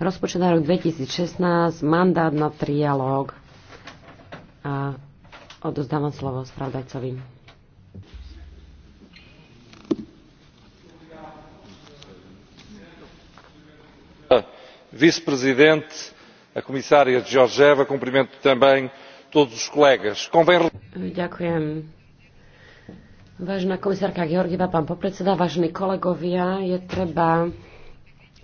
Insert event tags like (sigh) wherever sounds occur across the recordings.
rozpočet na rok 2016, mandát na trialóg. A odozdávam slovo spravdajcovi. Vice-presidente, a komisária Georgieva, cumprimento também todos os colegas. Convém... Ďakujem. Vážená komisárka Georgieva, pán popredseda, vážení kolegovia, je treba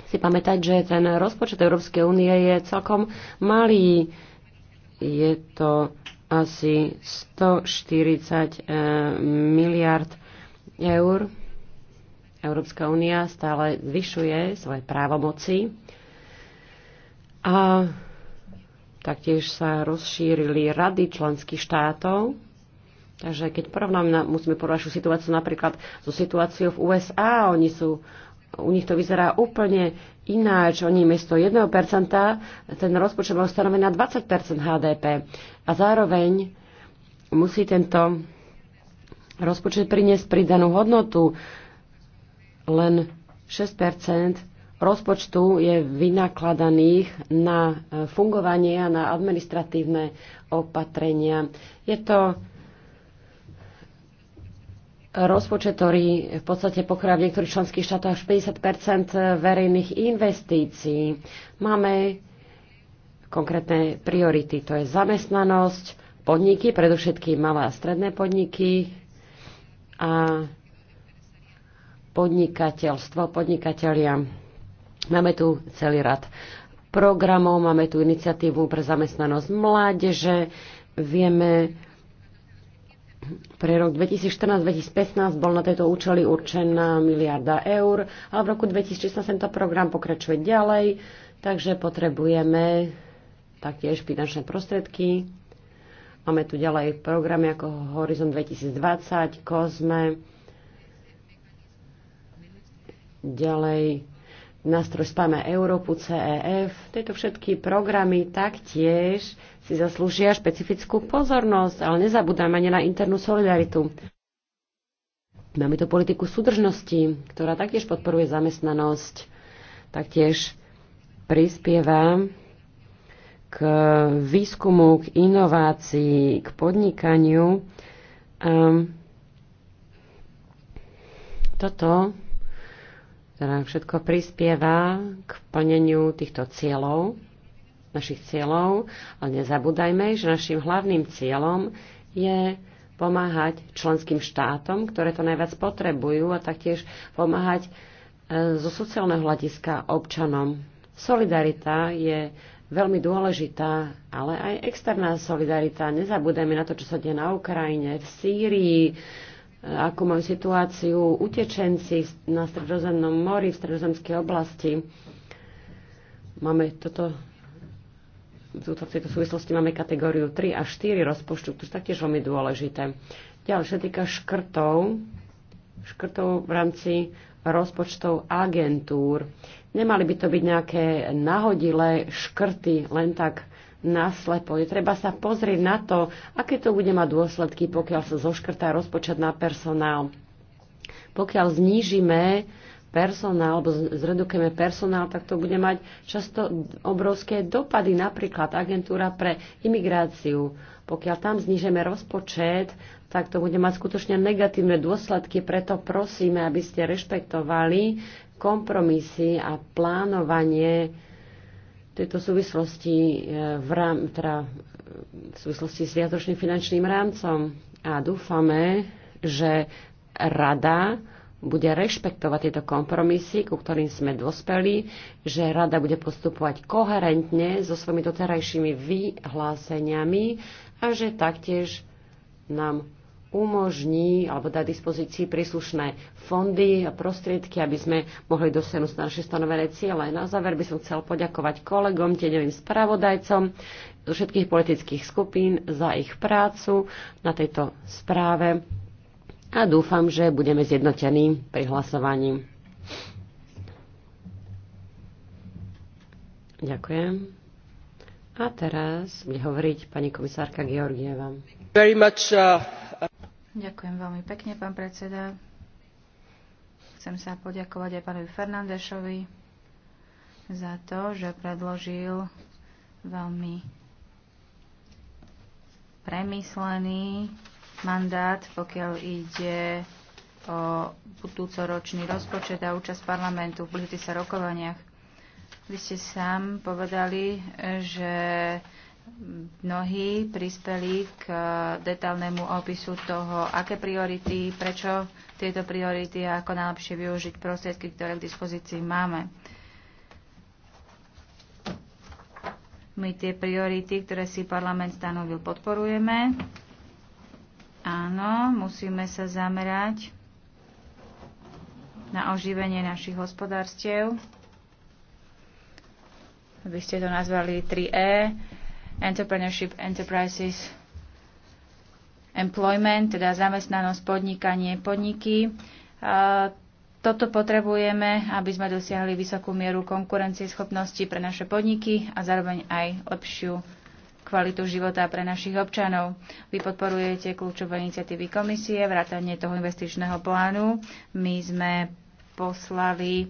si pamätať, že ten rozpočet Európskej únie je celkom malý. Je to asi 140 eh, miliard eur. Európska únia stále zvyšuje svoje právomoci a taktiež sa rozšírili rady členských štátov. Takže keď porovnáme, musíme porovnať situáciu napríklad so situáciou v USA, oni sú u nich to vyzerá úplne ináč. Oni miesto 1% ten rozpočet bol stanovený na 20% HDP. A zároveň musí tento rozpočet priniesť pridanú hodnotu. Len 6% rozpočtu je vynakladaných na fungovanie a na administratívne opatrenia. Je to rozpočet, ktorý v podstate pokrýva v niektorých členských štátoch až 50 verejných investícií. Máme konkrétne priority, to je zamestnanosť, podniky, predovšetkým malé a stredné podniky a podnikateľstvo, podnikatelia. Máme tu celý rad programov, máme tu iniciatívu pre zamestnanosť mládeže, vieme pre rok 2014-2015 bol na tieto účely určená miliarda eur, ale v roku 2016 tento program pokračuje ďalej, takže potrebujeme taktiež finančné prostriedky. Máme tu ďalej programy ako Horizon 2020, COSME, ďalej nástroj Spáme Európu, CEF. Tieto všetky programy taktiež si zaslúžia špecifickú pozornosť, ale nezabúdame ani na internú solidaritu. Máme tu politiku súdržnosti, ktorá taktiež podporuje zamestnanosť, taktiež prispieva k výskumu, k inovácii, k podnikaniu. Um, toto ktorá všetko prispieva k plneniu týchto cieľov, našich cieľov, ale nezabúdajme, že našim hlavným cieľom je pomáhať členským štátom, ktoré to najviac potrebujú a taktiež pomáhať e, zo sociálneho hľadiska občanom. Solidarita je veľmi dôležitá, ale aj externá solidarita. Nezabúdajme na to, čo sa deje na Ukrajine, v Sýrii, ako majú situáciu utečenci na Stredozemnom mori, v Stredozemskej oblasti. Máme toto, v tejto súvislosti máme kategóriu 3 a 4 rozpočtu, to je taktiež veľmi dôležité. Ďalej, čo týka škrtov, škrtov v rámci rozpočtov agentúr. Nemali by to byť nejaké nahodilé škrty len tak naslepo. Je treba sa pozrieť na to, aké to bude mať dôsledky, pokiaľ sa zoškrtá rozpočet na personál. Pokiaľ znížime personál, alebo zredukujeme personál, tak to bude mať často obrovské dopady. Napríklad agentúra pre imigráciu. Pokiaľ tam znížeme rozpočet, tak to bude mať skutočne negatívne dôsledky. Preto prosíme, aby ste rešpektovali kompromisy a plánovanie tejto súvislosti e, v, rám, teda e, v súvislosti s viatočným finančným rámcom a dúfame, že rada bude rešpektovať tieto kompromisy, ku ktorým sme dospeli, že rada bude postupovať koherentne so svojimi doterajšími vyhláseniami a že taktiež nám umožní alebo dá dispozícii príslušné fondy a prostriedky, aby sme mohli dosiahnuť naše stanovené ciele. Na záver by som chcel poďakovať kolegom, tieňovým spravodajcom zo všetkých politických skupín za ich prácu na tejto správe a dúfam, že budeme zjednotení pri hlasovaní. Ďakujem. A teraz bude hovoriť pani komisárka Georgieva. Very much, uh... Ďakujem veľmi pekne, pán predseda. Chcem sa poďakovať aj pánovi Fernandešovi za to, že predložil veľmi premyslený mandát, pokiaľ ide o budúcoročný rozpočet a účasť parlamentu v blížiacich sa rokovaniach. Vy ste sám povedali, že mnohí prispeli k eh, detálnemu opisu toho, aké priority, prečo tieto priority a ako najlepšie využiť prostriedky, ktoré k dispozícii máme. My tie priority, ktoré si parlament stanovil, podporujeme. Áno, musíme sa zamerať na oživenie našich hospodárstiev. Vy ste to nazvali 3E entrepreneurship enterprises employment, teda zamestnanosť, podnikanie, podniky. Toto potrebujeme, aby sme dosiahli vysokú mieru konkurencieschopnosti pre naše podniky a zároveň aj lepšiu kvalitu života pre našich občanov. Vy podporujete kľúčové iniciatívy komisie, vrátanie toho investičného plánu. My sme poslali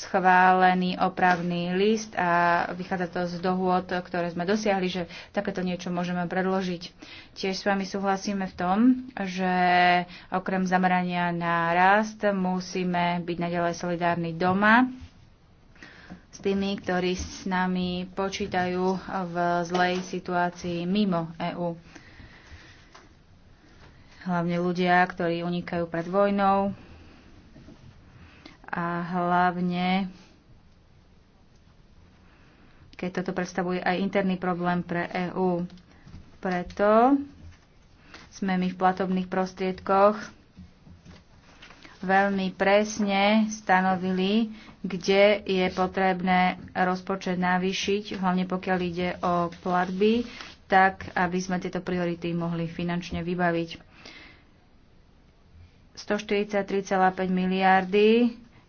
schválený opravný list a vychádza to z dohôd, ktoré sme dosiahli, že takéto niečo môžeme predložiť. Tiež s vami súhlasíme v tom, že okrem zamerania na rast musíme byť naďalej solidárni doma s tými, ktorí s nami počítajú v zlej situácii mimo EÚ. Hlavne ľudia, ktorí unikajú pred vojnou, a hlavne keď toto predstavuje aj interný problém pre EÚ. Preto sme my v platobných prostriedkoch veľmi presne stanovili, kde je potrebné rozpočet navýšiť, hlavne pokiaľ ide o platby, tak aby sme tieto priority mohli finančne vybaviť. 143,5 miliardy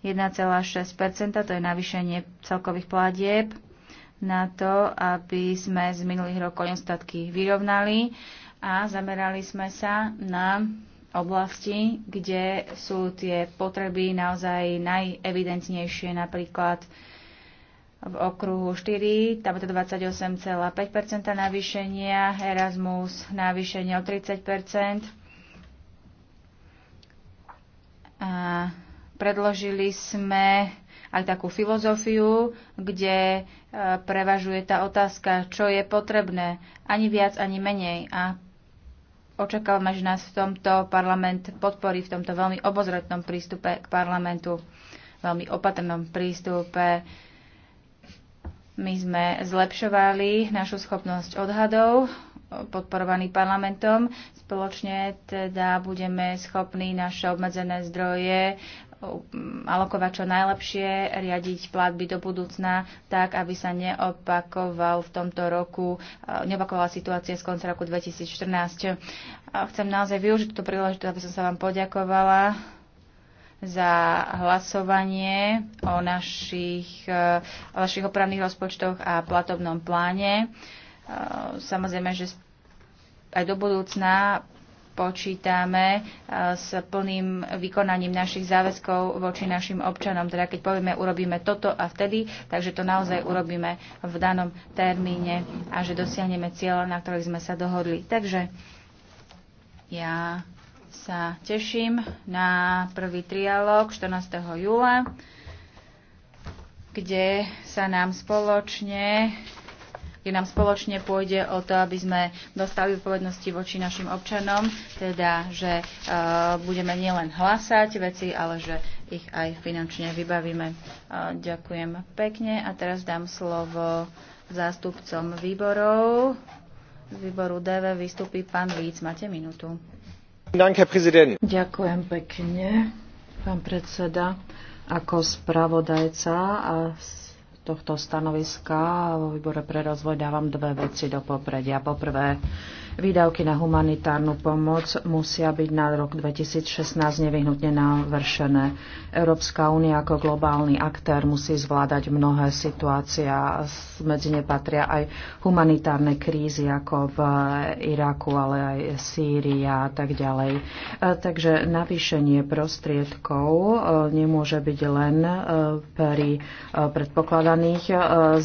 1,6 to je navýšenie celkových platieb na to, aby sme z minulých rokov nedostatky vyrovnali a zamerali sme sa na oblasti, kde sú tie potreby naozaj najevidentnejšie, napríklad v okruhu 4, tam je to 28,5% navýšenia, Erasmus navýšenie o 30%. A Predložili sme aj takú filozofiu, kde e, prevažuje tá otázka, čo je potrebné, ani viac, ani menej. A očakávame, že nás v tomto parlament podporí v tomto veľmi obozretnom prístupe k parlamentu, veľmi opatrnom prístupe. My sme zlepšovali našu schopnosť odhadov, podporovaný parlamentom. Spoločne teda budeme schopní naše obmedzené zdroje alokovať čo najlepšie, riadiť platby do budúcna tak, aby sa neopakoval v tomto roku, eh, neopakovala situácia z konca roku 2014. Chcem naozaj využiť tú príležitosť, aby som sa vám poďakovala za hlasovanie o našich, eh, o našich opravných rozpočtoch a platobnom pláne. Eh, samozrejme, že aj do budúcna počítame eh, s plným vykonaním našich záväzkov voči našim občanom. Teda keď povieme, urobíme toto a vtedy, takže to naozaj urobíme v danom termíne a že dosiahneme cieľ, na ktorých sme sa dohodli. Takže ja sa teším na prvý trialog 14. júla, kde sa nám spoločne kde nám spoločne pôjde o to, aby sme dostali odpovednosti voči našim občanom, teda, že e, budeme nielen hlasať veci, ale že ich aj finančne vybavíme. E, ďakujem pekne a teraz dám slovo zástupcom výborov. Z výboru DV vystupí pán Víc. Máte minútu. Ďakujem pekne, pán predseda. Ako spravodajca a tohto stanoviska vo výbore pre rozvoj dávam dve veci do popredia. Poprvé, Výdavky na humanitárnu pomoc musia byť na rok 2016 nevyhnutne navršené. Európska únia ako globálny aktér musí zvládať mnohé situácie a medzi ne patria aj humanitárne krízy ako v Iraku, ale aj Sýria a tak ďalej. E, takže navýšenie prostriedkov e, nemôže byť len e, pri predpokladaných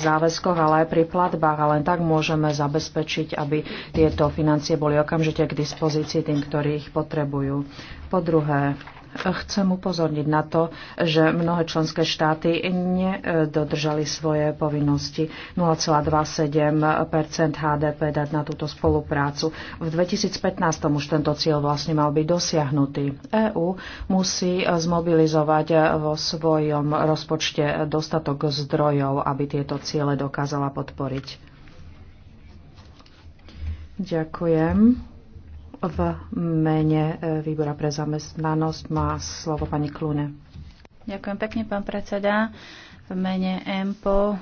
záväzkoch, ale aj pri platbách. A len tak môžeme zabezpečiť, aby tieto finančné financie boli okamžite k dispozícii tým, ktorí ich potrebujú. Po druhé, chcem upozorniť na to, že mnohé členské štáty nedodržali svoje povinnosti. 0,27 HDP dať na túto spoluprácu. V 2015 už tento cieľ vlastne mal byť dosiahnutý. EÚ musí zmobilizovať vo svojom rozpočte dostatok zdrojov, aby tieto ciele dokázala podporiť. Ďakujem. V mene e, výbora pre zamestnanosť má slovo pani Klune. Ďakujem pekne, pán predseda. V mene EMPO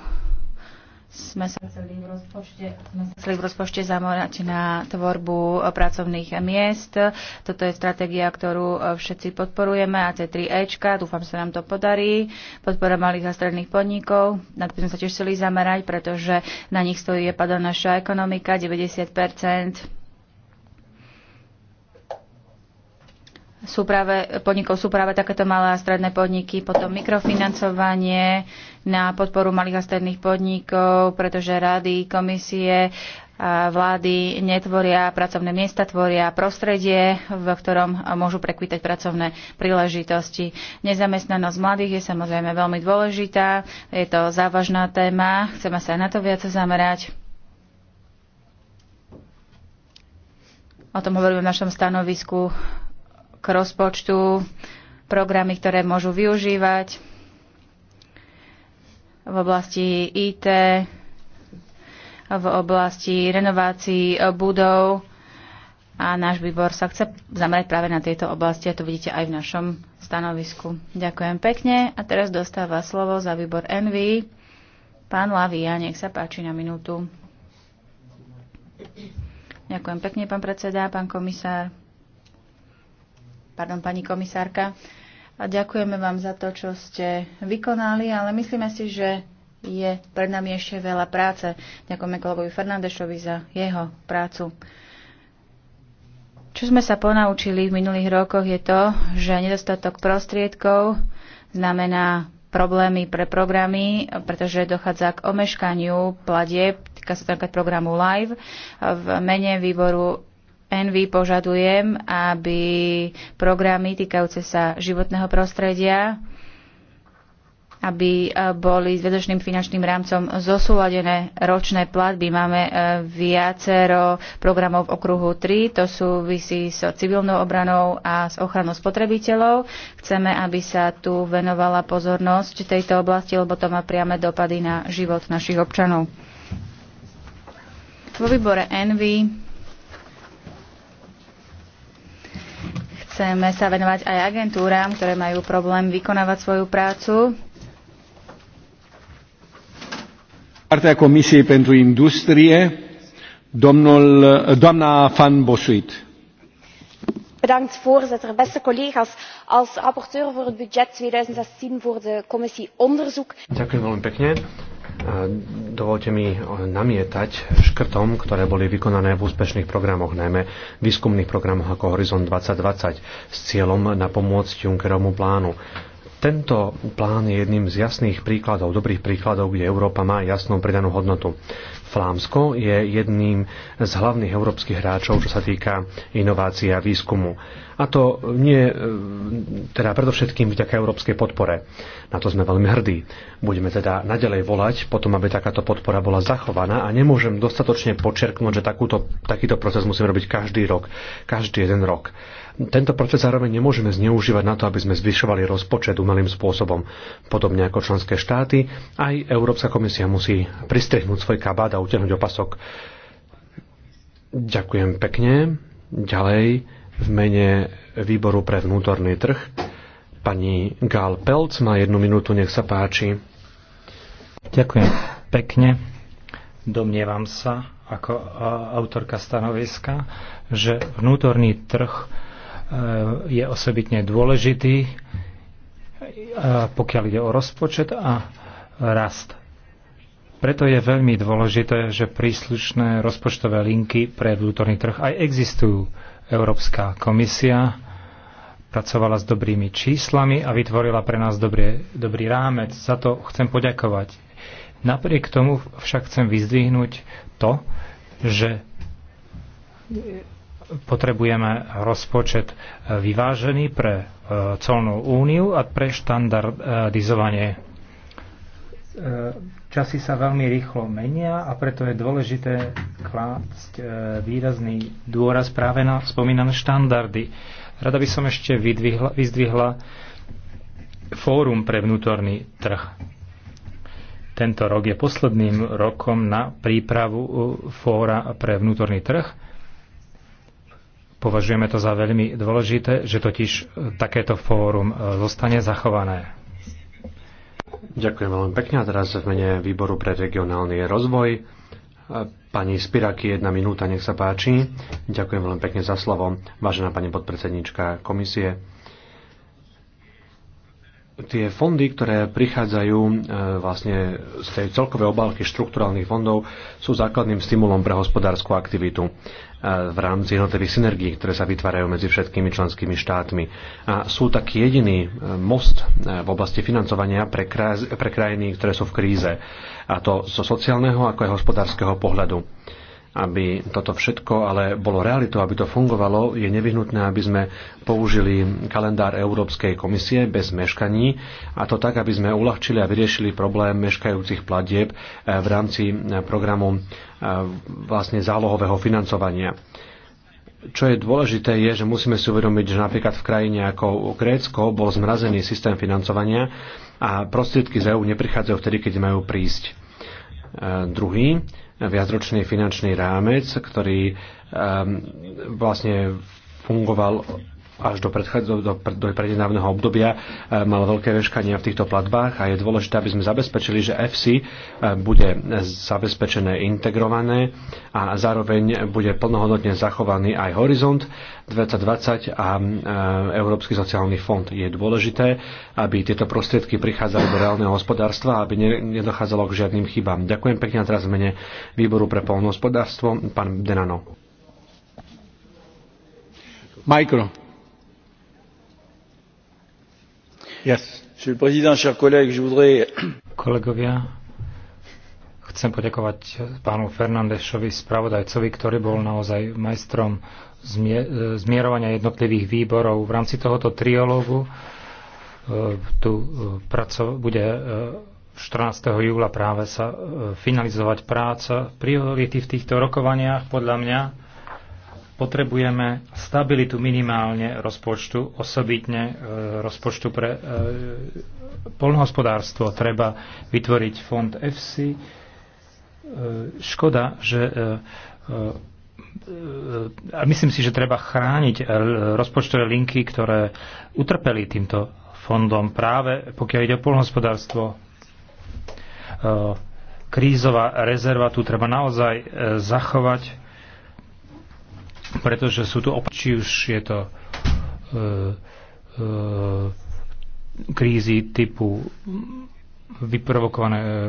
sme sa chceli v rozpočte, sme sa chceli v rozpočte zamorať na tvorbu pracovných miest. Toto je stratégia, ktorú e, všetci podporujeme, a tie 3 ečka dúfam, sa nám to podarí. Podpora malých a stredných podnikov, na to sme sa tiež chceli zamerať, pretože na nich stojí je padla naša ekonomika, 90 sú práve, podnikov sú práve takéto malé a stredné podniky, potom mikrofinancovanie na podporu malých a stredných podnikov, pretože rady, komisie, a vlády netvoria pracovné miesta, tvoria prostredie, v ktorom môžu prekvítať pracovné príležitosti. Nezamestnanosť mladých je samozrejme veľmi dôležitá, je to závažná téma, chceme sa aj na to viac zamerať. O tom hovoríme v našom stanovisku k rozpočtu, programy, ktoré môžu využívať v oblasti IT, v oblasti renovácií budov a náš výbor sa chce zamerať práve na tieto oblasti a to vidíte aj v našom stanovisku. Ďakujem pekne a teraz dostáva slovo za výbor Envy pán Lavia, nech sa páči na minútu. Ďakujem pekne, pán predseda, pán komisár pardon, pani komisárka. A ďakujeme vám za to, čo ste vykonali, ale myslíme si, že je pred nami ešte veľa práce. Ďakujeme kolegovi Fernandešovi za jeho prácu. Čo sme sa ponaučili v minulých rokoch je to, že nedostatok prostriedkov znamená problémy pre programy, pretože dochádza k omeškaniu platieb, týka sa to programu Live, v mene výboru Envy požadujem, aby programy týkajúce sa životného prostredia aby e, boli s vedočným finančným rámcom zosúladené ročné platby. Máme e, viacero programov v okruhu 3, to súvisí s civilnou obranou a s ochranou spotrebiteľov. Chceme, aby sa tu venovala pozornosť tejto oblasti, lebo to má priame dopady na život našich občanov. Vo výbore Envy Chceme sa venovať aj agentúram, ktoré majú problém vykonávať svoju prácu. Partea Comisiei pentru Industrie, domnul, doamna Van Bosuit Bedankt, voorzitter beste collega's als rapporteur voor het budget 2016 voor de commissie onderzoek Dank u wel, Dovolte mi namietať škrtom, ktoré boli vykonané v úspešných programoch, najmä výskumných programoch ako Horizon 2020 s cieľom na pomôcť Junckerovmu plánu. Tento plán je jedným z jasných príkladov, dobrých príkladov, kde Európa má jasnú pridanú hodnotu. Flámsko je jedným z hlavných európskych hráčov, čo sa týka inovácií a výskumu. A to nie, e, teda predovšetkým vďaka európskej podpore. Na to sme veľmi hrdí. Budeme teda nadalej volať potom, aby takáto podpora bola zachovaná a nemôžem dostatočne počerknúť, že takúto, takýto proces musíme robiť každý rok, každý jeden rok. Tento proces zároveň nemôžeme zneužívať na to, aby sme zvyšovali rozpočet umelým spôsobom. Podobne ako členské štáty, aj Európska komisia musí pristrihnúť svoj kabát a utiahnuť opasok. Ďakujem pekne. Ďalej v mene výboru pre vnútorný trh pani Gál Pelc má jednu minútu, nech sa páči. Ďakujem pekne. Domnievam sa, ako autorka stanoviska, že vnútorný trh je osobitne dôležitý, e, pokiaľ ide o rozpočet a rast. Preto je veľmi dôležité, že príslušné rozpočtové linky pre vnútorný trh aj existujú. Európska komisia pracovala s dobrými číslami a vytvorila pre nás dobré, dobrý rámec. Za to chcem poďakovať. Napriek tomu však chcem vyzdvihnúť to, že potrebujeme rozpočet e, vyvážený pre e, colnú úniu a pre štandardizovanie. E, časy sa veľmi rýchlo menia a preto je dôležité klásť výrazný dôraz práve na spomínané štandardy. Rada by som ešte vydvihla, vyzdvihla fórum pre vnútorný trh. Tento rok je posledným rokom na prípravu fóra pre vnútorný trh Považujeme to za veľmi dôležité, že totiž e, takéto fórum e, zostane zachované. Ďakujem veľmi pekne. A teraz v mene Výboru pre regionálny rozvoj e, Pani Spiraky, jedna minúta, nech sa páči. Ďakujem veľmi pekne za slovo. Vážená pani podpredsednička komisie, tie fondy, ktoré prichádzajú e, vlastne z tej celkovej obálky štrukturálnych fondov, sú základným stimulom pre hospodárskú aktivitu e, v rámci jednotlivých synergií, ktoré sa vytvárajú medzi všetkými členskými štátmi. A sú taký jediný e, most v oblasti financovania pre, kraj, pre krajiny, ktoré sú v kríze, a to zo sociálneho ako aj hospodárskeho pohľadu aby toto všetko ale bolo realitou, aby to fungovalo, je nevyhnutné, aby sme použili kalendár Európskej komisie bez meškaní a to tak, aby sme uľahčili a vyriešili problém meškajúcich platieb eh, v rámci eh, programu eh, vlastne zálohového financovania čo je dôležité, je, že musíme si uvedomiť, že napríklad v krajine ako Grécko bol zmrazený systém financovania a prostriedky z EU neprichádzajú vtedy, keď majú prísť. druhý viacročný finančný rámec, ktorý ehm, vlastne fungoval až do, do, do prednedávneho obdobia e, mal veľké veškania v týchto platbách a je dôležité, aby sme zabezpečili, že FC e, bude zabezpečené integrované a zároveň bude plnohodnotne zachovaný aj horizont 2020 a e, Európsky sociálny fond. Je dôležité, aby tieto prostriedky prichádzali do reálneho hospodárstva, aby nedochádzalo k žiadnym chybám. Ďakujem pekne a teraz v mene výboru pre polnohospodárstvo, pán Denano. Micro. Monsieur le Président, chers collègues, je voudrais... (coughs) Kolegovia, chcem poďakovať pánu Fernandešovi, spravodajcovi, ktorý bol naozaj majstrom zmierovania jednotlivých výborov. V rámci tohoto triológu e, tu e, praco, bude 14. E, júla práve sa finalizovať práca. Priority v týchto rokovaniach podľa mňa potrebujeme stabilitu minimálne rozpočtu, osobitne e, rozpočtu pre e, polnohospodárstvo. Treba vytvoriť fond EFSI. E, škoda, že a myslím si, že treba chrániť rozpočtové linky, ktoré utrpeli týmto fondom práve pokiaľ ide o polnohospodárstvo. Krízová rezerva tu treba naozaj zachovať pretože sú tu či už je to e, e, krízy typu vyprovokované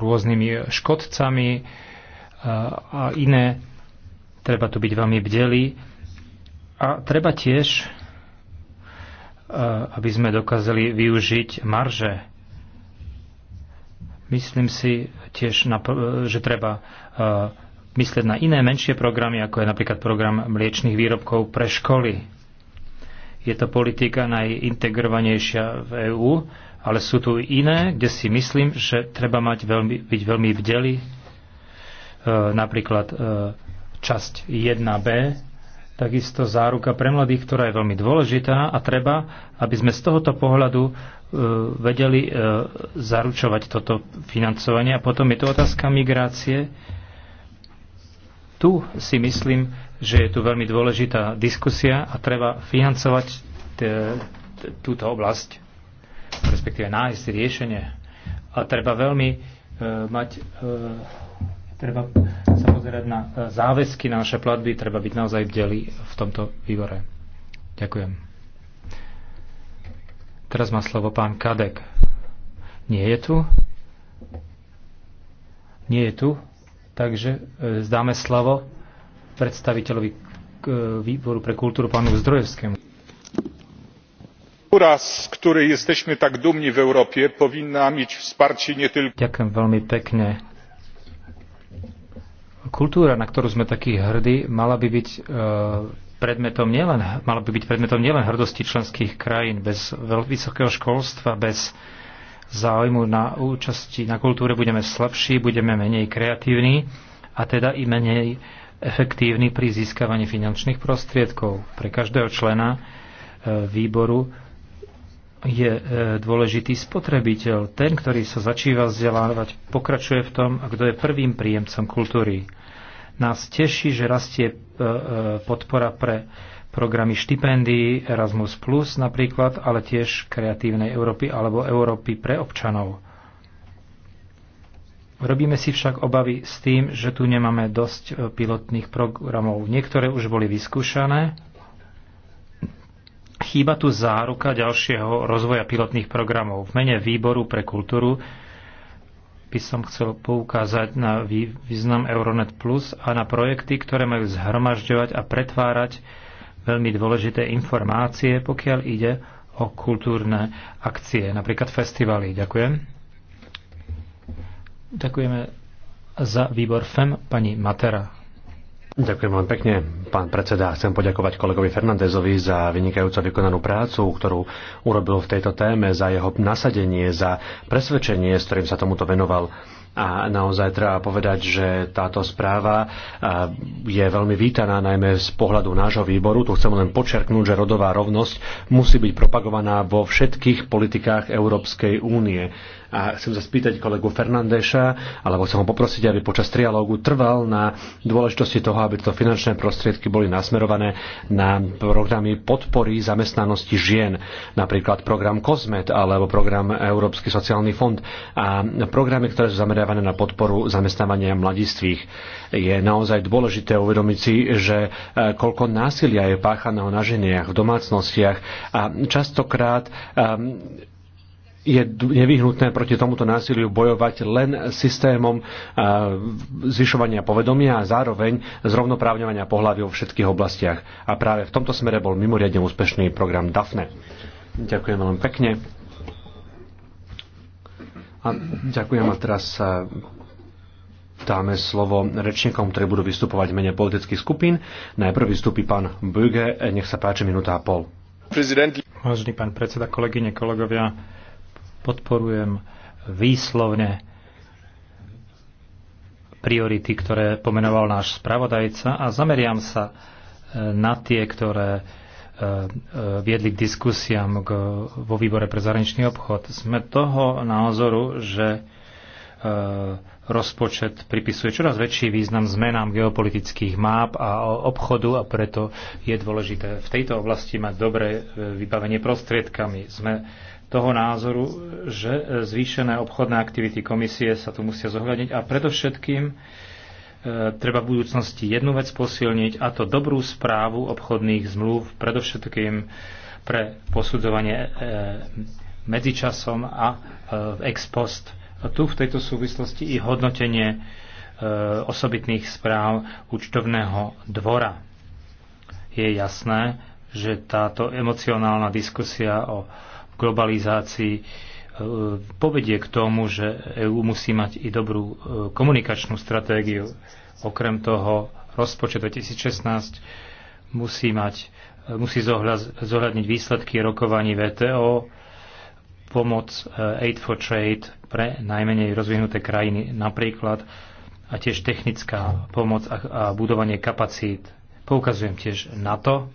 rôznymi škodcami e, a iné. Treba tu byť veľmi bdelí. A treba tiež, e, aby sme dokázali využiť marže. Myslím si tiež, e, že treba myslieť na iné menšie programy, ako je napríklad program mliečných výrobkov pre školy. Je to politika najintegrovanejšia v EÚ, ale sú tu iné, kde si myslím, že treba mať veľmi, byť veľmi vdeli. E, napríklad e, časť 1b, takisto záruka pre mladých, ktorá je veľmi dôležitá a treba, aby sme z tohoto pohľadu e, vedeli e, zaručovať toto financovanie. A potom je tu otázka migrácie tu si myslím, že je tu veľmi dôležitá diskusia a treba financovať túto oblasť, respektíve nájsť riešenie. A treba veľmi e, mať, e, treba sa pozerať na e, záväzky, na naše platby, treba byť naozaj bdeli v tomto výbore. Ďakujem. Teraz má slovo pán Kadek. Nie je tu? Nie je tu? Takže e, zdáme slavo predstaviteľovi e, výboru pre kultúru pánu Zdrojevskému. Kultura, z ktorej jesteśmy tak dumni v Europie, powinna mieć wsparcie nie tylko... Ďakujem veľmi pekne. Kultúra, na ktorú sme takí hrdí, mala by byť e, predmetom nielen, mala by byť predmetom nielen hrdosti členských krajín, bez vysokého školstva, bez uh, záujmu na účasti na kultúre budeme slabší, budeme menej kreatívni a teda i menej efektívni pri získavaní finančných prostriedkov. Pre každého člena e, výboru je e, dôležitý spotrebiteľ, ten, ktorý sa začíva vzdelávať, pokračuje v tom, a kto je prvým príjemcom kultúry. Nás teší, že rastie e, podpora pre programy štipendií Erasmus+, Plus, napríklad, ale tiež Kreatívnej Európy alebo Európy pre občanov. Robíme si však obavy s tým, že tu nemáme dosť e, pilotných programov. Niektoré už boli vyskúšané. Chýba tu záruka ďalšieho rozvoja pilotných programov. V mene Výboru pre kultúru by som chcel poukázať na význam Euronet Plus a na projekty, ktoré majú zhromažďovať a pretvárať veľmi dôležité informácie, pokiaľ ide o kultúrne akcie, napríklad festivaly. Ďakujem. Ďakujeme za výbor FEM pani Matera. Ďakujem veľmi pekne, pán predseda. Chcem poďakovať kolegovi Fernandezovi za vynikajúco vykonanú prácu, ktorú urobil v tejto téme, za jeho nasadenie, za presvedčenie, s ktorým sa tomuto venoval. A naozaj treba povedať, že táto správa je veľmi vítaná, najmä z pohľadu nášho výboru. Tu chcem len počerknúť, že rodová rovnosť musí byť propagovaná vo všetkých politikách Európskej únie a chcem sa spýtať kolegu Fernandeša, alebo chcem ho poprosiť, aby počas trialógu trval na dôležitosti toho, aby to finančné prostriedky boli nasmerované na programy podpory zamestnanosti žien, napríklad program COSMET alebo program Európsky sociálny fond a programy, ktoré sú zameriavané na podporu zamestnávania mladistvých. Je naozaj dôležité uvedomiť si, že e, koľko násilia je páchaného na ženiach v domácnostiach a častokrát um, je nevyhnutné proti tomuto násiliu bojovať len systémom zvyšovania povedomia a zároveň zrovnoprávňovania pohľavy vo všetkých oblastiach. A práve v tomto smere bol mimoriadne úspešný program DAFNE. Ďakujem veľmi pekne. A ďakujem a teraz dáme slovo rečníkom, ktorí budú vystupovať v mene politických skupín. Najprv vystúpi pán Böge, nech sa páči minúta a pol. Prezident. Vážený pán predseda, kolegyne, kolegovia, Podporujem výslovne priority, ktoré pomenoval náš spravodajca a zameriam sa e, na tie, ktoré e, e, viedli k diskusiám vo výbore pre zahraničný obchod. Sme toho názoru, že rozpočet pripisuje čoraz väčší význam zmenám geopolitických máp a obchodu a preto je dôležité v tejto oblasti mať dobré vybavenie prostriedkami. Sme toho názoru, že e, zvýšené obchodné aktivity komisie sa tu musia zohľadniť a predovšetkým e, treba v budúcnosti jednu vec posilniť a to dobrú správu obchodných zmluv, predovšetkým pre posudzovanie e, medzičasom a e, ex post. A tu v tejto súvislosti i hodnotenie e, osobitných správ účtovného dvora. Je jasné, že táto emocionálna diskusia o globalizácii e, povedie k tomu, že EÚ musí mať i dobrú e, komunikačnú stratégiu. Okrem toho rozpočet 2016 musí, mať, e, musí zohľadniť výsledky rokovaní VTO, pomoc Aid for Trade pre najmenej rozvinuté krajiny napríklad a tiež technická pomoc a, a budovanie kapacít. Poukazujem tiež na to,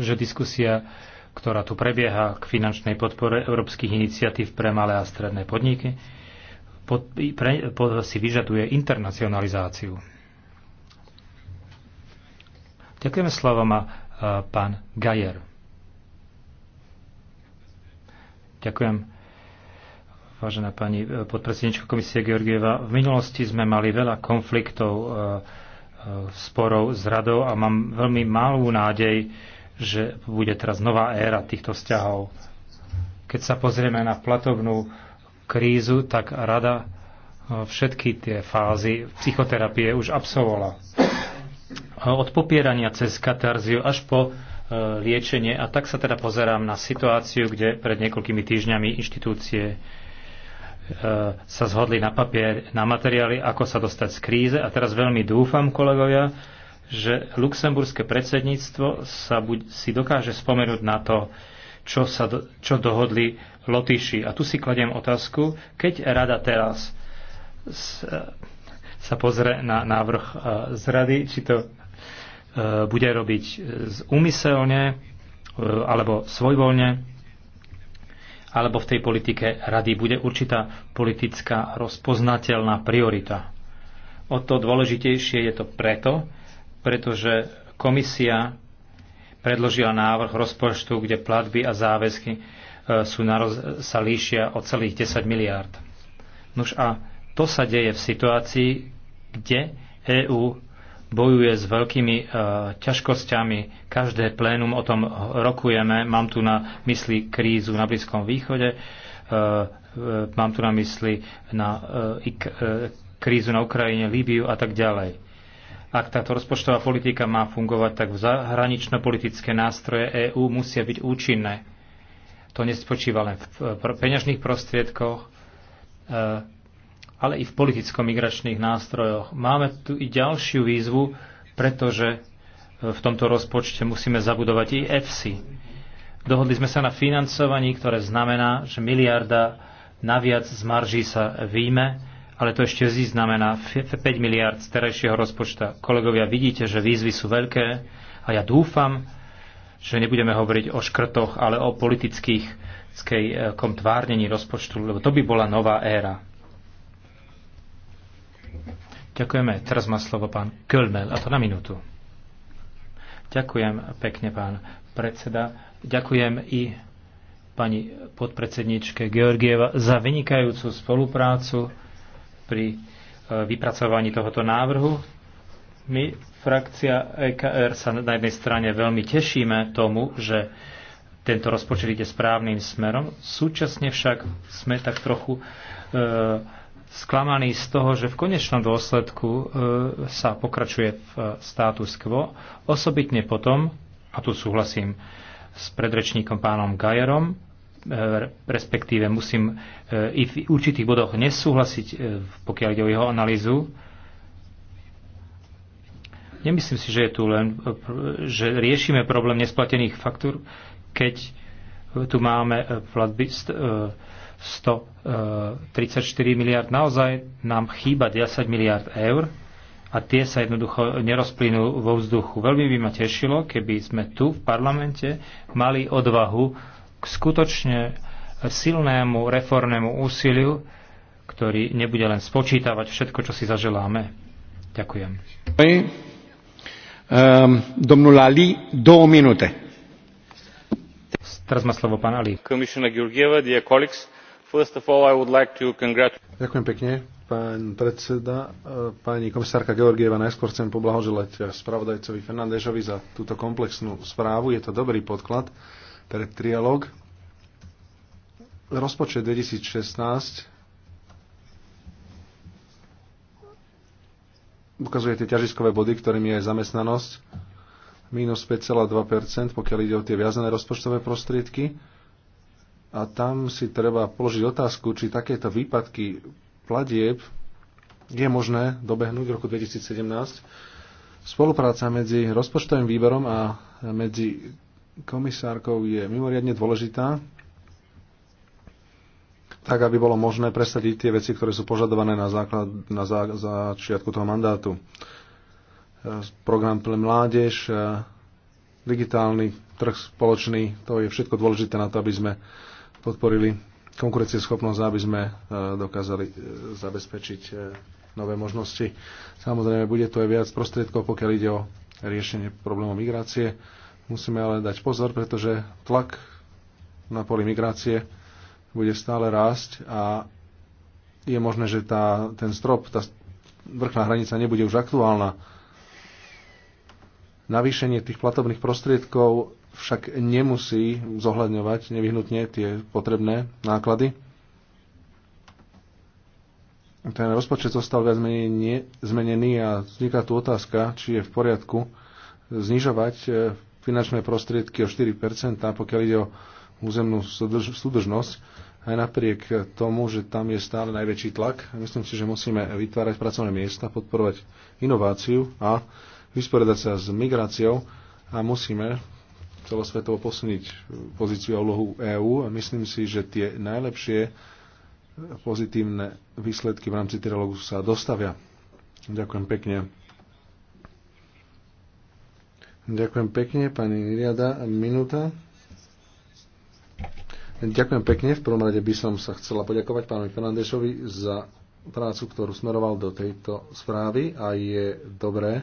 že diskusia ktorá tu prebieha k finančnej podpore európskych iniciatív pre malé a stredné podniky, pod, pre, pod, si vyžaduje internacionalizáciu. Ďakujeme slovo má e, pán Gajer. Ďakujem. Vážená pani e, podpredsednička komisie Georgieva, v minulosti sme mali veľa konfliktov, e, sporov s radou a mám veľmi malú nádej, že bude teraz nová éra týchto vzťahov. Keď sa pozrieme na platovnú krízu, tak rada e, všetky tie fázy psychoterapie už absolvovala. Od popierania cez katarziu až po e, liečenie. A tak sa teda pozerám na situáciu, kde pred niekoľkými týždňami inštitúcie e, sa zhodli na papier, na materiály, ako sa dostať z kríze. A teraz veľmi dúfam, kolegovia, že luxemburské predsedníctvo sa buď, si dokáže spomenúť na to, čo, sa, do, čo dohodli Lotyši. A tu si kladiem otázku, keď rada teraz sa, sa pozrie na návrh e, z rady, či to e, bude robiť e, úmyselne alebo svojvoľne, alebo v tej politike rady bude určitá politická rozpoznateľná priorita. O to dôležitejšie je to preto, pretože komisia predložila návrh rozpočtu, kde platby a záväzky e, sú roz- sa líšia o celých 10 miliárd. Nož a to sa deje v situácii, kde EÚ bojuje s veľkými e, ťažkosťami. Každé plénum o tom rokujeme. Mám tu na mysli krízu na Blízkom východe, e, e, mám tu na mysli na e, e, krízu na Ukrajine, Líbiu a tak ďalej ak táto rozpočtová politika má fungovať, tak zahranično-politické nástroje EÚ musia byť účinné. To nespočíva len v eh, peňažných prostriedkoch, eh, ale i v politicko-migračných nástrojoch. Máme tu i ďalšiu výzvu, pretože eh, v tomto rozpočte musíme zabudovať i EFSI. Dohodli sme sa na financovaní, ktoré znamená, že miliarda naviac z marží sa výjme ale to ešte zí znamená 5 miliard z terajšieho rozpočta. Kolegovia, vidíte, že výzvy sú veľké a ja dúfam, že nebudeme hovoriť o škrtoch, ale o politických eh, tvárnení rozpočtu, lebo to by bola nová éra. Ďakujeme. Teraz má slovo pán Kölmel, a to na minútu. Ďakujem pekne, pán predseda. Ďakujem i pani podpredsedničke Georgieva za vynikajúcu spoluprácu pri e, vypracovaní tohoto návrhu. My, frakcia EKR, sa na jednej strane veľmi tešíme tomu, že tento rozpočet ide správnym smerom. Súčasne však sme tak trochu e, sklamaní z toho, že v konečnom dôsledku e, sa pokračuje v e, status quo. Osobitne potom, a tu súhlasím s predrečníkom pánom Gajerom, Eh, respektíve musím eh, i v určitých bodoch nesúhlasiť, eh, pokiaľ ide o jeho analýzu. Nemyslím si, že je tu len, že riešime problém nesplatených faktúr, keď tu máme platby 134 miliard. Naozaj nám chýba 10 miliard eur a tie sa jednoducho nerozplynú vo vzduchu. Veľmi by ma tešilo, keby sme tu v parlamente mali odvahu k skutočne silnému reformnému úsiliu, ktorý nebude len spočítavať všetko, čo si zaželáme. Ďakujem. Ehm, domnul Ali, minúte. Teraz má slovo pán Ali. Ďakujem pekne, pán predseda. Eh, pani komisárka Georgieva, najskôr chcem poblahoželať eh, spravodajcovi Fernandežovi za túto komplexnú správu. Je to dobrý podklad pre trialog. Rozpočet 2016 ukazuje tie ťažiskové body, ktorými je zamestnanosť, minus 5,2%, pokiaľ ide o tie viazané rozpočtové prostriedky. A tam si treba položiť otázku, či takéto výpadky platieb je možné dobehnúť v roku 2017. Spolupráca medzi rozpočtovým výberom a medzi komisárkou je mimoriadne dôležitá, tak aby bolo možné presadiť tie veci, ktoré sú požadované na, základ, na za, začiatku toho mandátu. E, program pre mládež, e, digitálny trh spoločný, to je všetko dôležité na to, aby sme podporili konkurencieschopnosť, aby sme e, dokázali zabezpečiť nové možnosti. Samozrejme, bude to aj viac prostriedkov, pokiaľ ide o riešenie problémov migrácie Musíme ale dať pozor, pretože tlak na poli migrácie bude stále rásť a je možné, že tá, ten strop, tá vrchná hranica nebude už aktuálna. Navýšenie tých platobných prostriedkov však nemusí zohľadňovať nevyhnutne tie potrebné náklady. Ten rozpočet zostal viac menej nezmenený a vzniká tu otázka, či je v poriadku znižovať eh, finančné prostriedky o 4%, pokiaľ ide o územnú súdržnosť, aj napriek tomu, že tam je stále najväčší tlak. Myslím si, že musíme vytvárať pracovné miesta, podporovať inováciu a vysporiadať sa s migráciou a musíme celosvetovo posilniť pozíciu a úlohu EÚ a myslím si, že tie najlepšie pozitívne výsledky v rámci trialogu sa dostavia. Ďakujem pekne. Ďakujem pekne, pani Riada. Minúta. Ďakujem pekne. V prvom rade by som sa chcela poďakovať pánovi Fernandešovi za prácu, ktorú smeroval do tejto správy a je dobré,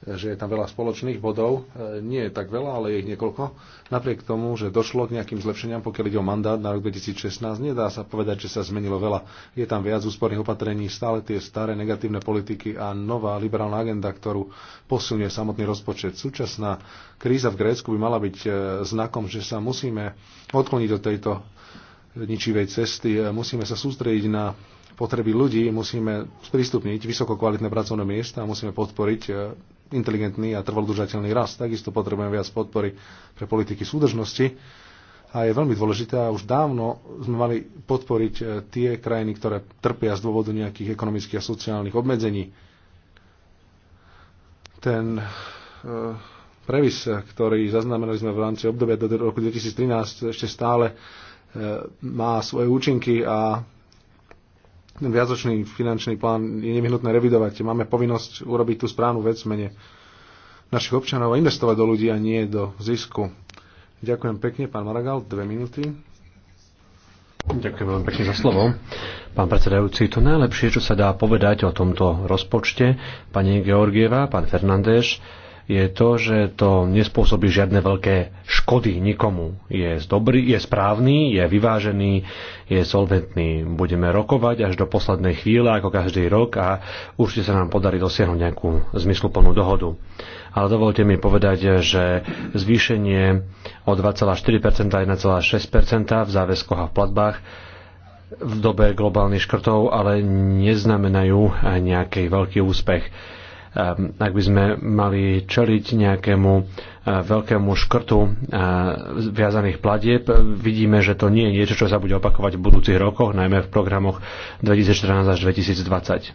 že je tam veľa spoločných bodov. E, nie je tak veľa, ale je ich niekoľko. Napriek tomu, že došlo k nejakým zlepšeniam, pokiaľ ide o mandát na rok 2016, nedá sa povedať, že sa zmenilo veľa. Je tam viac úsporných opatrení, stále tie staré negatívne politiky a nová liberálna agenda, ktorú posunie samotný rozpočet. Súčasná kríza v Grécku by mala byť e, znakom, že sa musíme odkloniť od tejto ničivej cesty. E, musíme sa sústrediť na potreby ľudí, musíme sprístupniť vysokokvalitné pracovné miesta a musíme podporiť inteligentný a trvalodržateľný rast. Takisto potrebujeme viac podpory pre politiky súdržnosti. A je veľmi dôležité a už dávno sme mali podporiť e, tie krajiny, ktoré trpia z dôvodu nejakých ekonomických a sociálnych obmedzení. Ten e, previs, ktorý zaznamenali sme v rámci obdobia do roku 2013, ešte stále e, má svoje účinky a ten viacočný finančný plán je nevyhnutné revidovať. Máme povinnosť urobiť tú správnu vec mene našich občanov a investovať do ľudí a nie do zisku. Ďakujem pekne, pán Maragal, dve minúty. Ďakujem veľmi pekne za slovo. Pán predsedajúci, to najlepšie, čo sa dá povedať o tomto rozpočte, pani Georgieva, pán Fernández, je to, že to nespôsobí žiadne veľké škody nikomu. Je, dobrý, je správny, je vyvážený, je solventný. Budeme rokovať až do poslednej chvíle, ako každý rok a určite sa nám podarí dosiahnuť nejakú zmysluplnú dohodu. Ale dovolte mi povedať, že zvýšenie o 2,4% a 1,6% v záväzkoch a v platbách v dobe globálnych škrtov ale neznamenajú nejaký veľký úspech Ehm, ak by sme mali čeliť nejakému e, veľkému škrtu e, viazaných platieb. Vidíme, že to nie je niečo, čo sa bude opakovať v budúcich rokoch, najmä v programoch 2014 až 2020. E,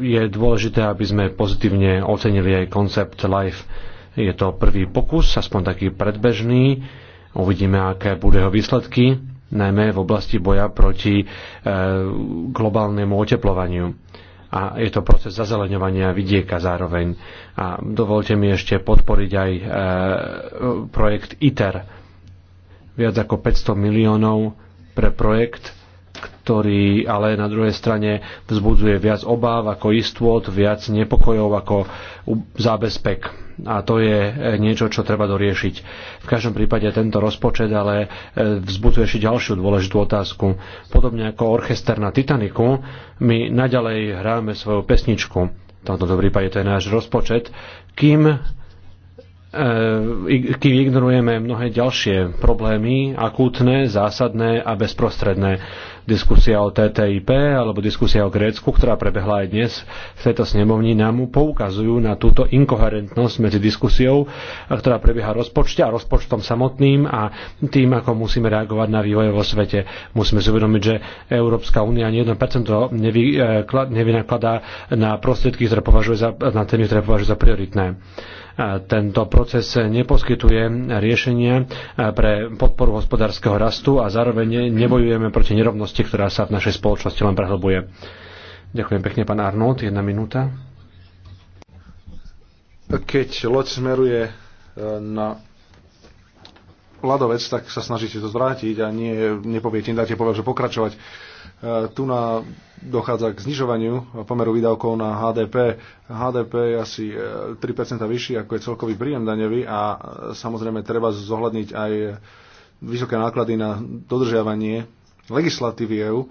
je dôležité, aby sme pozitívne ocenili aj koncept LIFE. Je to prvý pokus, aspoň taký predbežný. Uvidíme, aké budú jeho výsledky, najmä v oblasti boja proti globálnemu oteplovaniu a je to proces zazeleňovania vidieka zároveň. A dovolte mi ešte podporiť aj e, projekt ITER. Viac ako 500 miliónov pre projekt, ktorý ale na druhej strane vzbudzuje viac obáv ako istôt, viac nepokojov ako zábezpek a to je e, niečo, čo treba doriešiť. V každom prípade tento rozpočet ale e, vzbuduje ešte ďalšiu dôležitú otázku. Podobne ako orchester na Titaniku, my naďalej hráme svoju pesničku. V tomto prípade to je náš rozpočet, kým E, kým ignorujeme mnohé ďalšie problémy, akútne, zásadné a bezprostredné. Diskusia o TTIP alebo diskusia o Grécku, ktorá prebehla aj dnes v tejto snemovni, nám poukazujú na túto inkoherentnosť medzi diskusiou, ktorá prebieha rozpočte a rozpočtom samotným a tým, ako musíme reagovať na vývoje vo svete. Musíme si uvedomiť, že Európska únia ani 1% nevy, e, nevynakladá na prostriedky, ktoré považuje za, na témy, ktoré považuje za prioritné tento proces neposkytuje riešenia e, pre podporu hospodárskeho rastu a zároveň nebojujeme proti nerovnosti, ktorá sa v našej spoločnosti len prehlbuje. Ďakujem pekne, pán Arnold. Jedna minúta. Keď loď smeruje e, na ľadovec, tak sa snažíte to zvrátiť a nie, nepoviete, dáte povedať, že pokračovať E, tu na, dochádza k znižovaniu pomeru výdavkov na HDP. HDP je asi 3% e, vyšší, ako je celkový príjem daňový a e, samozrejme treba zohľadniť aj vysoké náklady na dodržiavanie legislatívy EU.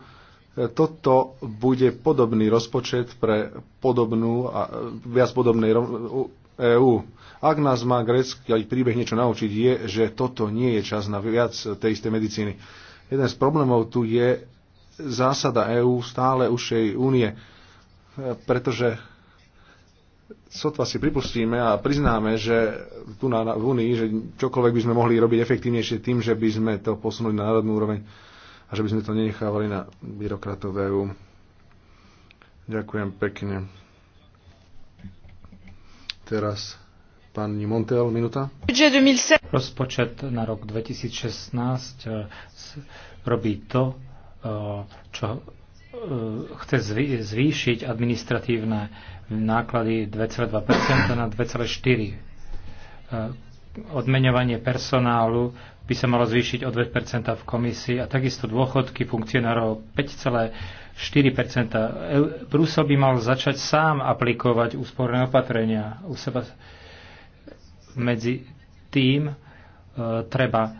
Toto bude podobný rozpočet pre podobnú a viac podobnej EÚ. Ak nás má grecký príbeh niečo naučiť, je, že toto nie je čas na viac tej istej medicíny. Jeden z problémov tu je zásada EÚ stále užšej únie, pretože sotva si pripustíme a priznáme, že tu na, v Únii, že čokoľvek by sme mohli robiť efektívnejšie tým, že by sme to posunuli na národnú úroveň a že by sme to nenechávali na byrokratov EÚ. Ďakujem pekne. Teraz pani Montel, minúta. Rozpočet na rok 2016 eh, robí to, E, čo e, chce zvýšiť administratívne náklady 2,2% na 2,4%. E, odmeňovanie personálu by sa malo zvýšiť o 2% v komisii a takisto dôchodky funkcionárov 5,4%. Brusel by mal začať sám aplikovať úsporné opatrenia u seba. Medzi tým treba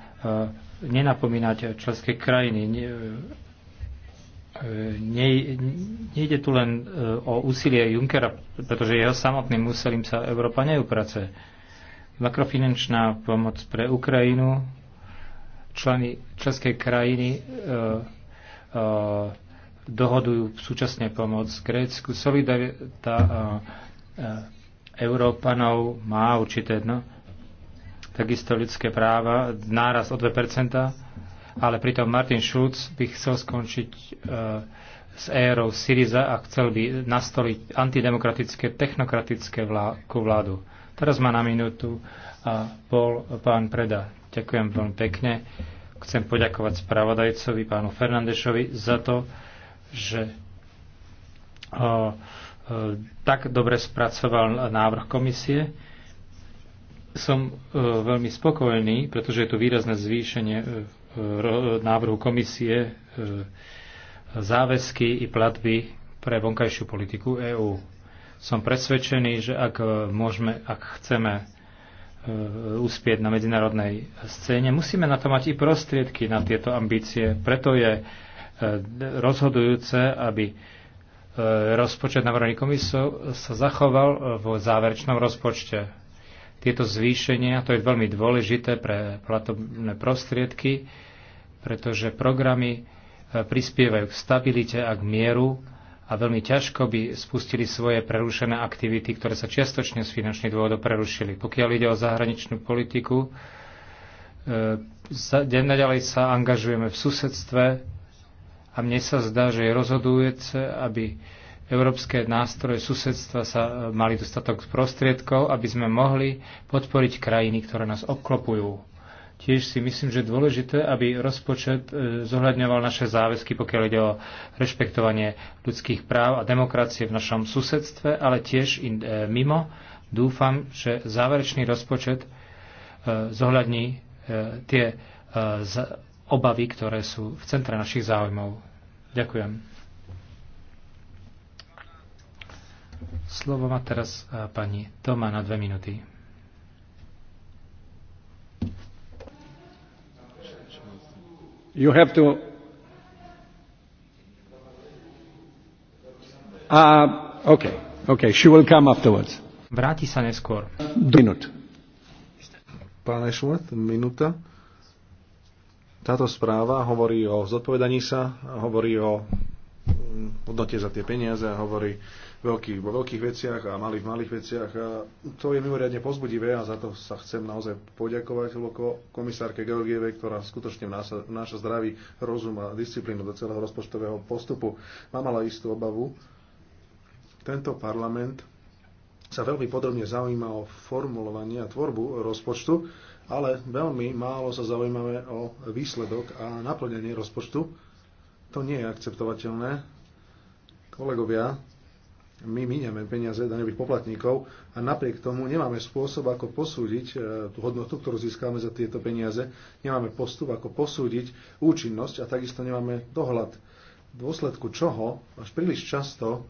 nenapomínať členské krajiny nejde tu len e, o úsilie Junckera, pretože jeho samotným úsilím sa Európa neuprace. Makrofinančná pomoc pre Ukrajinu, členy členskej krajiny e, e, dohodujú súčasne pomoc Grécku. Solidarita e, e, Európanov má určité dno. Takisto ľudské práva, náraz o 2% ale pritom Martin Schulz by chcel skončiť e, s érou Syriza a chcel by nastoliť antidemokratické, technokratické vláku vládu. Teraz má na minútu a pol pán Preda. Ďakujem veľmi pekne. Chcem poďakovať spravodajcovi, pánu Fernandešovi, za to, že o, o, tak dobre spracoval návrh komisie som e, veľmi spokojný, pretože je tu výrazné zvýšenie e, návrhu komisie e, záväzky i platby pre vonkajšiu politiku EÚ. Som presvedčený, že ak, e, môžeme, ak chceme e, uspieť na medzinárodnej scéne, musíme na to mať i prostriedky na tieto ambície. Preto je rozhodujúce, aby rozpočet navrhovaný komisou sa zachoval v záverečnom rozpočte tieto zvýšenia, to je veľmi dôležité pre platobné prostriedky, pretože programy e, prispievajú k stabilite a k mieru a veľmi ťažko by spustili svoje prerušené aktivity, ktoré sa čiastočne z finančných dôvodov prerušili. Pokiaľ ide o zahraničnú politiku, e, deň naďalej sa angažujeme v susedstve a mne sa zdá, že je rozhodujúce, aby európske nástroje susedstva sa e, mali dostatok prostriedkov, aby sme mohli podporiť krajiny, ktoré nás obklopujú. Tiež si myslím, že je dôležité, aby rozpočet e, zohľadňoval naše záväzky, pokiaľ ide o rešpektovanie ľudských práv a demokracie v našom susedstve, ale tiež in, e, mimo. Dúfam, že záverečný rozpočet e, zohľadní e, tie e, z, obavy, ktoré sú v centre našich záujmov. Ďakujem. Slovo má teraz e, pani Toma na dve minúty. You have to... Uh, okay, okay, she will come afterwards. Vráti sa neskôr. Minút. Pán Ešworth, minúta. Táto správa hovorí o zodpovedaní sa, hovorí o mm, hodnote za tie peniaze, hovorí veľkých, vo veľkých veciach a malých v malých veciach. A to je mimoriadne pozbudivé a za to sa chcem naozaj poďakovať komisárke Georgievej, ktorá skutočne vnáša zdravý rozum a disciplínu do celého rozpočtového postupu. Mám ale istú obavu. Tento parlament sa veľmi podrobne zaujíma o formulovanie a tvorbu rozpočtu, ale veľmi málo sa zaujímame o výsledok a naplnenie rozpočtu. To nie je akceptovateľné. Kolegovia, my míňame peniaze daňových poplatníkov a napriek tomu nemáme spôsob, ako posúdiť e, tú hodnotu, ktorú získame za tieto peniaze, nemáme postup, ako posúdiť účinnosť a takisto nemáme dohľad. V dôsledku čoho až príliš často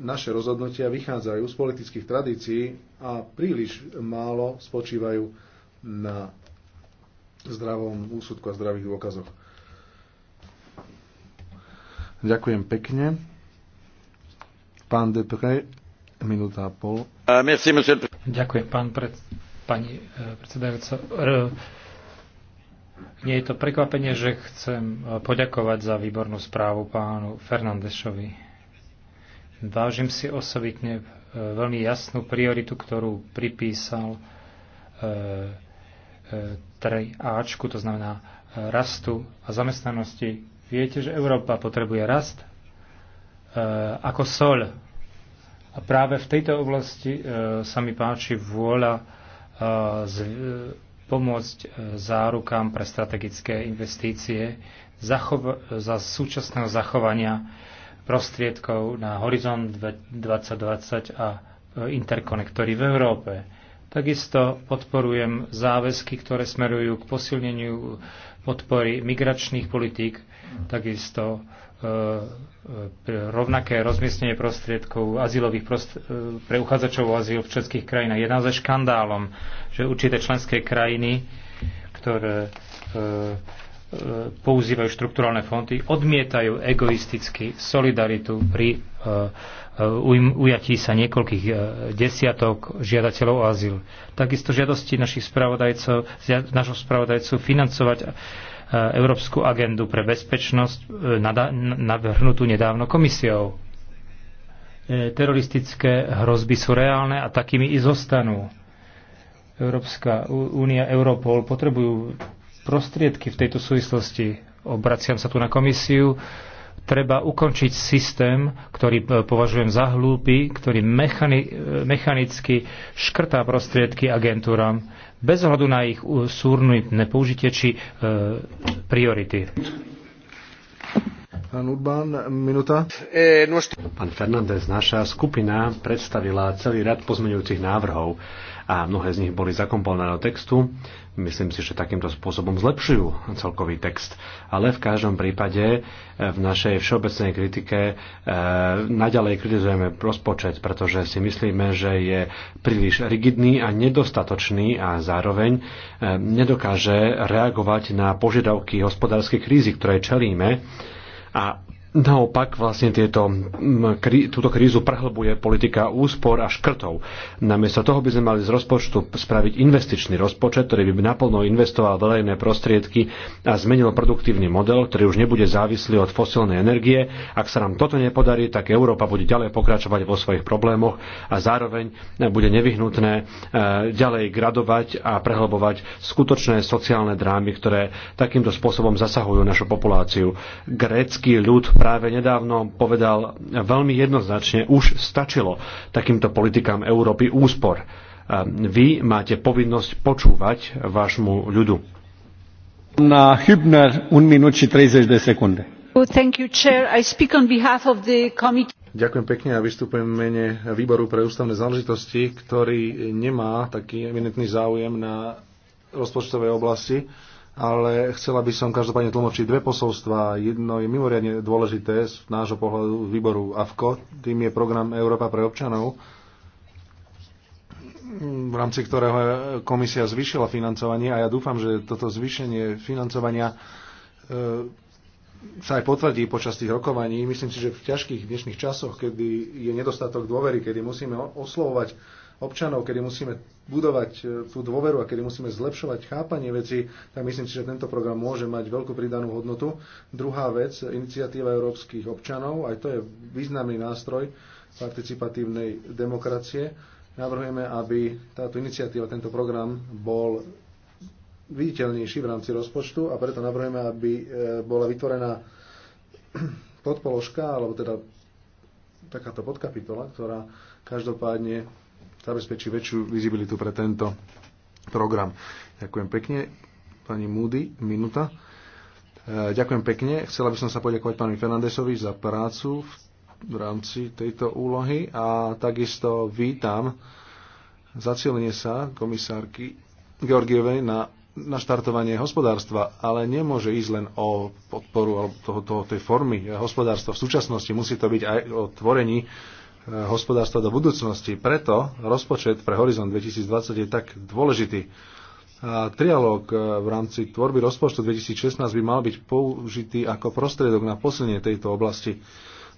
naše rozhodnutia vychádzajú z politických tradícií a príliš málo spočívajú na zdravom úsudku a zdravých dôkazoch. Ďakujem pekne. Pán Depre, minúta a pol. Ďakujem, pán pred, pani e, predsedajúca. E, nie je to prekvapenie, že chcem e, poďakovať za výbornú správu pánu Fernandešovi. Vážim si osobitne veľmi jasnú prioritu, ktorú pripísal e, Ačku, to znamená rastu a zamestnanosti. Viete, že Európa potrebuje rast E, ako sol. A práve v tejto oblasti e, sa mi páči vôľa e, pomôcť zárukám pre strategické investície za súčasného zachovania prostriedkov na Horizont 2020 a interkonektory v Európe. Takisto podporujem záväzky, ktoré smerujú k posilneniu podpory migračných politík, takisto E, e, rovnaké rozmiestnenie prostriedkov azylových prost- e, pre uchádzačov o azyl v českých krajinách. Je naozaj škandálom, že určité členské krajiny, ktoré e, e, používajú štrukturálne fondy, odmietajú egoisticky solidaritu pri e, ujatí sa niekoľkých desiatok žiadateľov o azyl. Takisto žiadosti našich spravodajcov, našho spravodajcu financovať Eh, Európsku agendu pre bezpečnosť eh, navrhnutú nedávno komisiou. Eh, teroristické hrozby sú reálne a takými i zostanú. Európska únia, Europol potrebujú prostriedky v tejto súvislosti. Obraciam sa tu na komisiu Treba ukončiť systém, ktorý e, považujem za hlúpy, ktorý mechani- e, mechanicky škrtá prostriedky agentúram bez ohľadu na ich e, súrnu nepoužitie či e, priority. Pán Urbán, minúta. Pán Fernández, naša skupina predstavila celý rad pozmeňujúcich návrhov a mnohé z nich boli zakomponované do textu. Myslím si, že takýmto spôsobom zlepšujú celkový text. Ale v každom prípade e, v našej všeobecnej kritike e, naďalej kritizujeme rozpočet, pretože si myslíme, že je príliš rigidný a nedostatočný a zároveň e, nedokáže reagovať na požiadavky hospodárskej krízy, ktoré čelíme a Naopak vlastne tieto, kri, túto krízu prehlbuje politika úspor a škrtov. Namiesto toho by sme mali z rozpočtu spraviť investičný rozpočet, ktorý by naplno investoval verejné prostriedky a zmenil produktívny model, ktorý už nebude závislý od fosilnej energie. Ak sa nám toto nepodarí, tak Európa bude ďalej pokračovať vo svojich problémoch a zároveň bude nevyhnutné e, ďalej gradovať a prehlbovať skutočné sociálne drámy, ktoré takýmto spôsobom zasahujú našu populáciu. Grécky ľud práve nedávno povedal veľmi jednoznačne, už stačilo takýmto politikám Európy úspor. Ehm, vy máte povinnosť počúvať vášmu ľudu. Na Hübner 1 minút 30 sekunde. You, ďakujem pekne a vystupujem v mene výboru pre ústavné záležitosti ktorý nemá taký eminentný záujem na rozpočtovej oblasti ale chcela by som každopádne tlmočiť dve posolstva. Jedno je mimoriadne dôležité z nášho pohľadu výboru AFKO, tým je program Európa pre občanov, v rámci ktorého komisia zvýšila financovanie a ja dúfam, že toto zvýšenie financovania e, sa aj potvrdí počas tých rokovaní. Myslím si, že v ťažkých dnešných časoch, kedy je nedostatok dôvery, kedy musíme oslovovať občanov, kedy musíme budovať e, tú dôveru a kedy musíme zlepšovať chápanie veci, tak myslím si, že tento program môže mať veľkú pridanú hodnotu. Druhá vec, iniciatíva európskych občanov, aj to je významný nástroj participatívnej demokracie. Navrhujeme, aby táto iniciatíva, tento program bol viditeľnejší v rámci rozpočtu a preto navrhujeme, aby e, bola vytvorená podpoložka, alebo teda takáto podkapitola, ktorá každopádne zabezpečí väčšiu vizibilitu pre tento program. Ďakujem pekne. Pani Moody, minúta. E, ďakujem pekne. Chcela by som sa poďakovať pánovi Fernandesovi za prácu v rámci tejto úlohy a takisto vítam zacielenie sa komisárky Georgievej na naštartovanie hospodárstva, ale nemôže ísť len o podporu toho, toho, tej formy hospodárstva. V súčasnosti musí to byť aj o tvorení E, hospodárstva do budúcnosti. Preto rozpočet pre Horizon 2020 je tak dôležitý. A e, trialóg e, v rámci tvorby rozpočtu 2016 by mal byť použitý ako prostriedok na posilnenie tejto oblasti.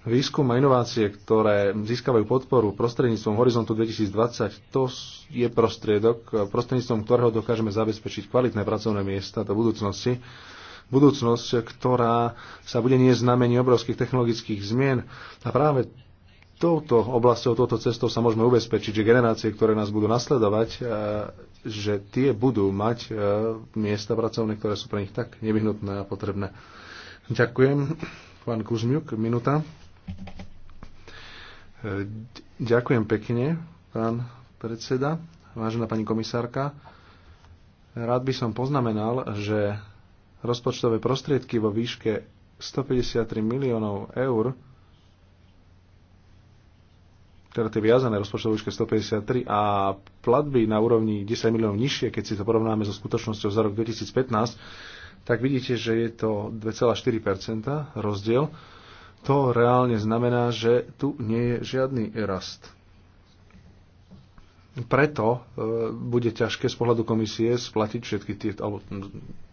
Výskum a inovácie, ktoré získavajú podporu prostredníctvom Horizontu 2020, to je prostriedok, prostredníctvom ktorého dokážeme zabezpečiť kvalitné pracovné miesta do budúcnosti. Budúcnosť, ktorá sa bude nie znamení obrovských technologických zmien. A práve touto oblasťou, touto cestou sa môžeme ubezpečiť, že generácie, ktoré nás budú nasledovať, e, že tie budú mať e, miesta pracovné, ktoré sú pre nich tak nevyhnutné a potrebné. Ďakujem. Pán Kuzmiuk, minúta. E, ďakujem pekne, pán predseda, vážená pani komisárka. Rád by som poznamenal, že rozpočtové prostriedky vo výške 153 miliónov eur teda tie viazané rozpočtové výške 153 a platby na úrovni 10 miliónov nižšie, keď si to porovnáme so skutočnosťou za rok 2015, tak vidíte, že je to 2,4 rozdiel. To reálne znamená, že tu nie je žiadny rast. Preto e, bude ťažké z pohľadu komisie splatiť všetky tieto, alebo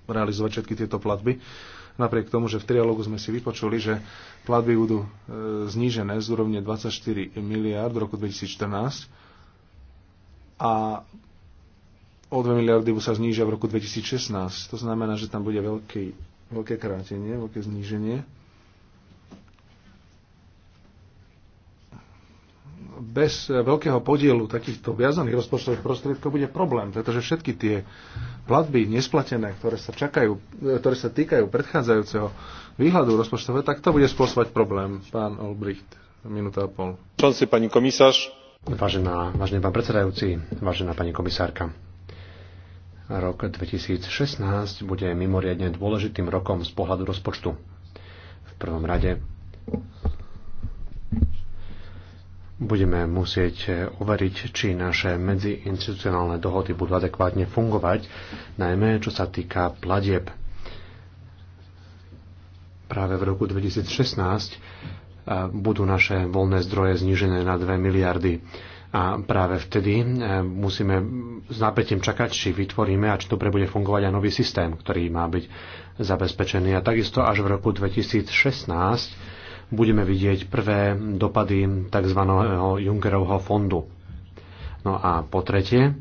realizovať všetky tieto platby napriek tomu, že v trialógu sme si vypočuli, že platby budú e, znížené z úrovne 24 miliard v roku 2014 a o 2 miliardy sa znížia v roku 2016. To znamená, že tam bude veľký, veľké krátenie, veľké zníženie bez veľkého podielu takýchto viazaných rozpočtových prostriedkov bude problém, pretože všetky tie platby nesplatené, ktoré sa, čakajú, e, ktoré sa týkajú predchádzajúceho výhľadu rozpočtové, tak to bude spôsobať problém. Pán Olbricht, minúta a pol. si, pani komisár. Vážená, vážený pán predsedajúci, vážená pani komisárka. Rok 2016 bude mimoriadne dôležitým rokom z pohľadu rozpočtu. V prvom rade budeme musieť eh, overiť, či naše medziinstitucionálne dohody budú adekvátne fungovať, najmä čo sa týka platieb. Práve v roku 2016 eh, budú naše voľné zdroje znížené na 2 miliardy. A práve vtedy eh, musíme s napätím čakať, či vytvoríme a či dobre bude fungovať aj nový systém, ktorý má byť zabezpečený. A takisto až v roku 2016 budeme vidieť prvé dopady tzv. Junckerovho fondu. No a po tretie,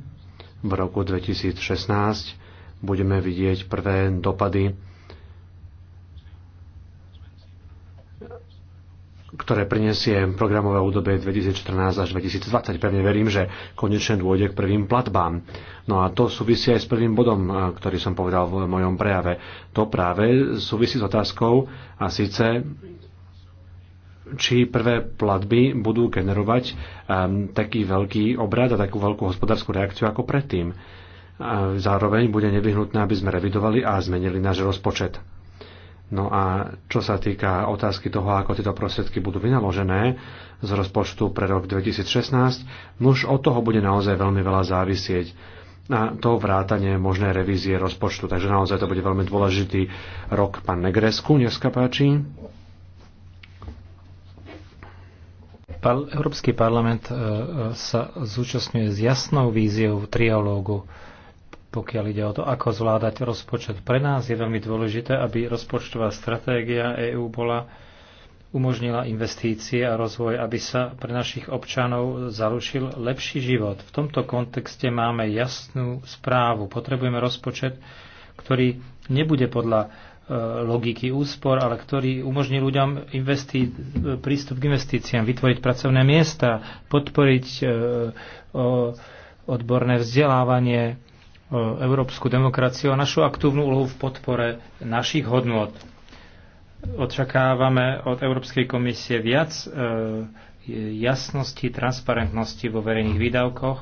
v roku 2016 budeme vidieť prvé dopady, ktoré prinesie programové obdobie 2014 až 2020. Pevne verím, že konečne dôjde k prvým platbám. No a to súvisí aj s prvým bodom, ktorý som povedal v mojom prejave. To práve súvisí s otázkou a síce či prvé platby budú generovať um, taký veľký obrad a takú veľkú hospodárskú reakciu ako predtým. A zároveň bude nevyhnutné, aby sme revidovali a zmenili náš rozpočet. No a čo sa týka otázky toho, ako tieto prostriedky budú vynaložené z rozpočtu pre rok 2016, už od toho bude naozaj veľmi veľa závisieť na to vrátanie možnej revízie rozpočtu. Takže naozaj to bude veľmi dôležitý rok. Pán Negresku, dneska páči. Európsky parlament e, e, sa zúčastňuje s jasnou víziou trialógu, pokiaľ ide o to, ako zvládať rozpočet. Pre nás je veľmi dôležité, aby rozpočtová stratégia EÚ bola umožnila investície a rozvoj, aby sa pre našich občanov zarušil lepší život. V tomto kontexte máme jasnú správu. Potrebujeme rozpočet, ktorý nebude podľa logiky úspor, ale ktorý umožní ľuďom investi- prístup k investíciám, vytvoriť pracovné miesta, podporiť e, odborné vzdelávanie, e, európsku demokraciu a našu aktívnu úlohu v podpore našich hodnot. Očakávame od Európskej komisie viac e, jasnosti, transparentnosti vo verejných výdavkoch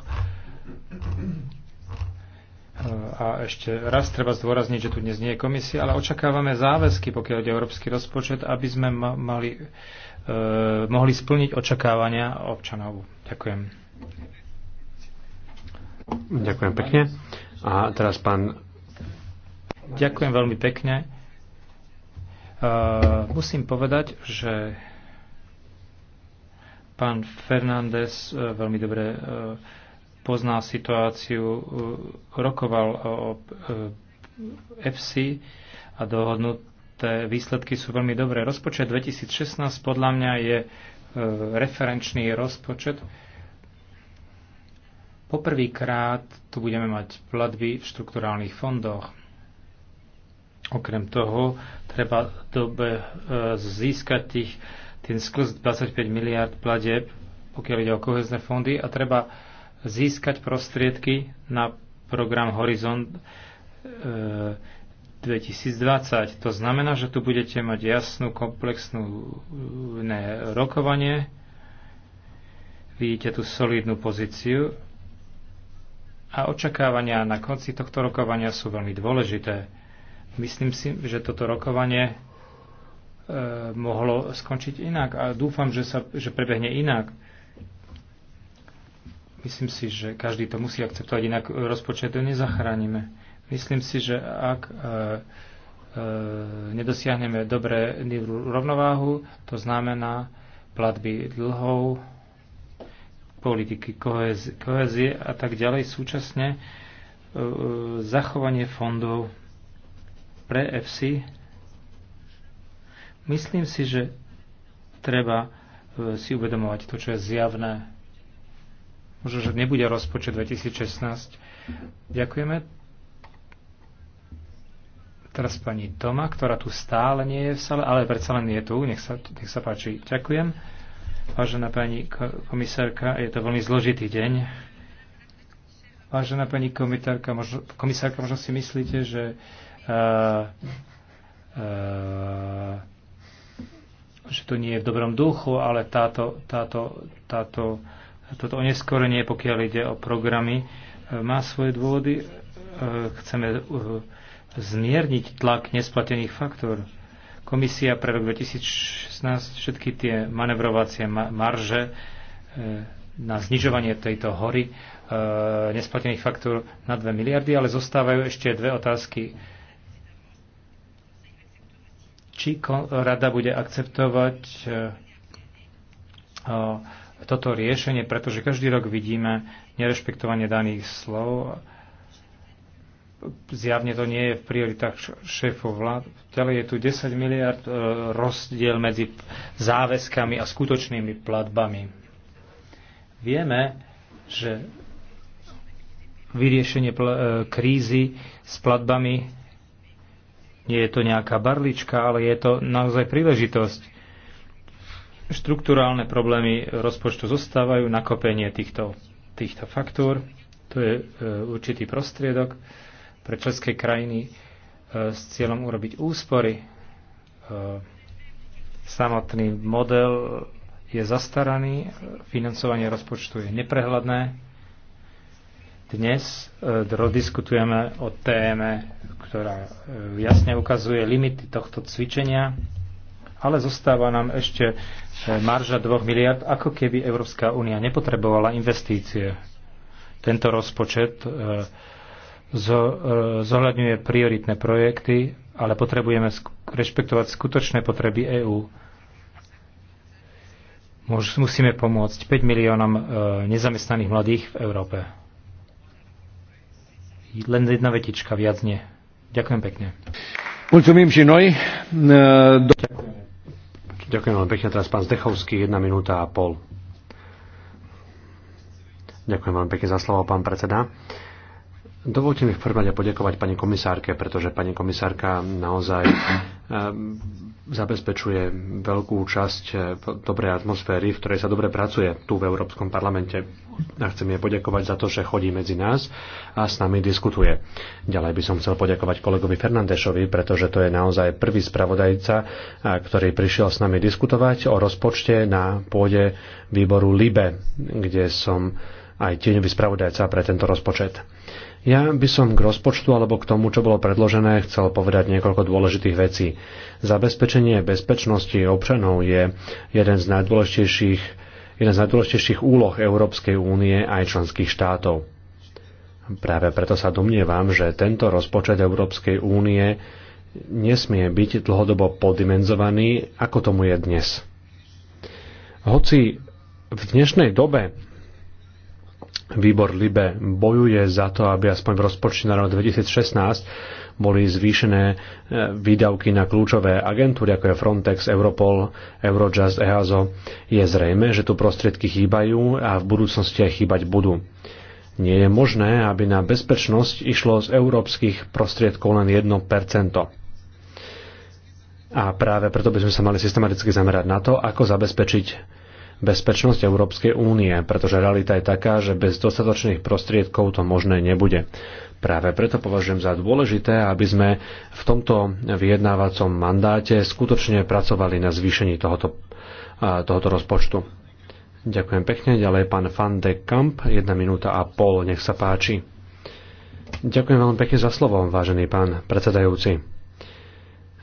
a ešte raz treba zdôrazniť, že tu dnes nie je komisia, ale očakávame záväzky, pokiaľ ide európsky rozpočet, aby sme ma- mali, e, mohli splniť očakávania občanov. Ďakujem. Ďakujem pekne. A teraz pán. Ďakujem veľmi pekne. E, musím povedať, že pán Fernández e, veľmi dobre E, pozná situáciu, e, rokoval o e, FC a dohodnuté výsledky sú veľmi dobré. Rozpočet 2016 podľa mňa je e, referenčný rozpočet. Poprvýkrát tu budeme mať platby v štrukturálnych fondoch. Okrem toho treba dobe získať tých, ten sklz 25 miliard pladeb, pokiaľ ide o kohezné fondy a treba získať prostriedky na program Horizont e, 2020. To znamená, že tu budete mať jasnú, komplexnú ne, rokovanie. Vidíte tu solidnú pozíciu a očakávania na konci tohto rokovania sú veľmi dôležité. Myslím si, že toto rokovanie e, mohlo skončiť inak a dúfam, že, sa, že prebehne inak Myslím si, že každý to musí akceptovať, inak rozpočet to nezachránime. Myslím si, že ak e, e, nedosiahneme dobré rovnováhu, to znamená platby dlhov, politiky kohezie a tak ďalej, súčasne e, e zachovanie fondov pre FC. Myslím si, že treba e, si uvedomovať to, čo je zjavné možno, že nebude rozpočet 2016. Ďakujeme. Teraz pani Toma, ktorá tu stále nie je v sale, ale predsa len je tu, nech sa, nech sa páči. Ďakujem. Vážená pani komisárka, je to veľmi zložitý deň. Vážená pani komisárka, možno, komisárka, možno si myslíte, že uh, uh, že to nie je v dobrom duchu, ale táto, táto, táto toto oneskorenie, pokiaľ ide o programy, e, má svoje dôvody. E, chceme e, zmierniť tlak nesplatených faktor. Komisia pre rok 2016 všetky tie manevrovacie marže na znižovanie tejto hory nesplatených faktúr na 2 miliardy, ale zostávajú ešte dve otázky. Či rada bude akceptovať toto riešenie, pretože každý rok vidíme nerešpektovanie daných slov. Zjavne to nie je v prioritách šéfov vlád. Ďalej je tu 10 miliard e, rozdiel medzi záväzkami a skutočnými platbami. Vieme, že vyriešenie e, krízy s platbami nie je to nejaká barlička, ale je to naozaj príležitosť Štruktúrálne problémy rozpočtu zostávajú, nakopenie týchto, týchto faktúr, to je e, určitý prostriedok pre české krajiny e, s cieľom urobiť úspory. E, samotný model je zastaraný, financovanie rozpočtu je neprehľadné. Dnes diskutujeme o téme, ktorá jasne ukazuje limity tohto cvičenia ale zostáva nám ešte e, marža 2 miliard, ako keby Európska únia nepotrebovala investície. Tento rozpočet e, e, zohľadňuje prioritné projekty, ale potrebujeme rešpektovať skutočné potreby EÚ. Musíme pomôcť 5 miliónom nezamestnaných mladých v Európe. Len jedna vetička, viac nie. Ďakujem pekne. Mulțumim și noi. Ďakujem. Ďakujem veľmi pekne. Teraz pán Zdechovský, jedna minúta a pol. Ďakujem veľmi pekne za slovo, pán predseda. Dovolte mi v prvom rade poďakovať pani komisárke, pretože pani komisárka naozaj eh, zabezpečuje veľkú časť eh, dobrej atmosféry, v ktorej sa dobre pracuje tu v Európskom parlamente. A chcem jej poďakovať za to, že chodí medzi nás a s nami diskutuje. Ďalej by som chcel poďakovať kolegovi Fernandešovi, pretože to je naozaj prvý spravodajca, eh, ktorý prišiel s nami diskutovať o rozpočte na pôde výboru LIBE, kde som aj tieňový spravodajca pre tento rozpočet. Ja by som k rozpočtu alebo k tomu, čo bolo predložené, chcel povedať niekoľko dôležitých vecí. Zabezpečenie bezpečnosti občanov je jeden z najdôležitejších, jeden z najdôležitejších úloh Európskej únie aj členských štátov. Práve preto sa domnievam, že tento rozpočet Európskej únie nesmie byť dlhodobo podimenzovaný, ako tomu je dnes. Hoci v dnešnej dobe Výbor LIBE bojuje za to, aby aspoň v rozpočte na rok 2016 boli zvýšené e, výdavky na kľúčové agentúry, ako je Frontex, Europol, Eurojust, EASO. Je zrejme, že tu prostriedky chýbajú a v budúcnosti aj chýbať budú. Nie je možné, aby na bezpečnosť išlo z európskych prostriedkov len 1 a práve preto by sme sa mali systematicky zamerať na to, ako zabezpečiť bezpečnosť Európskej únie, pretože realita je taká, že bez dostatočných prostriedkov to možné nebude. Práve preto považujem za dôležité, aby sme v tomto vyjednávacom mandáte skutočne pracovali na zvýšení tohoto, tohoto rozpočtu. Ďakujem pekne. Ďalej pán Van de Kamp, jedna minúta a pol, nech sa páči. Ďakujem veľmi pekne za slovo, vážený pán predsedajúci.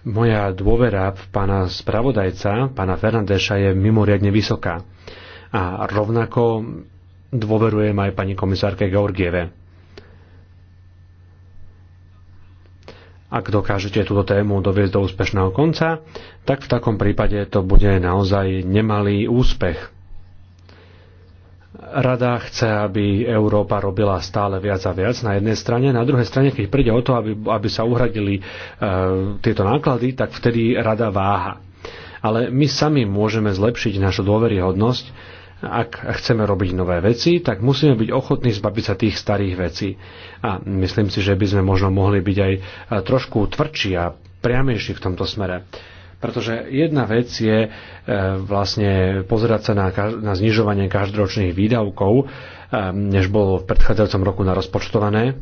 Moja dôvera v pána spravodajca, pána Fernandeša, je mimoriadne vysoká. A rovnako dôverujem aj pani komisárke Georgieve. Ak dokážete túto tému doviesť do úspešného konca, tak v takom prípade to bude naozaj nemalý úspech Rada chce, aby Európa robila stále viac a viac na jednej strane, na druhej strane, keď príde o to, aby, aby sa uhradili e, tieto náklady, tak vtedy Rada váha. Ale my sami môžeme zlepšiť našu dôveryhodnosť, ak chceme robiť nové veci, tak musíme byť ochotní zbaviť sa tých starých vecí. A myslím si, že by sme možno mohli byť aj e, trošku tvrdší a priamejší v tomto smere. Pretože jedna vec je e, vlastne pozerať sa na, na znižovanie každoročných výdavkov, e, než bolo v predchádzajúcom roku narozpočtované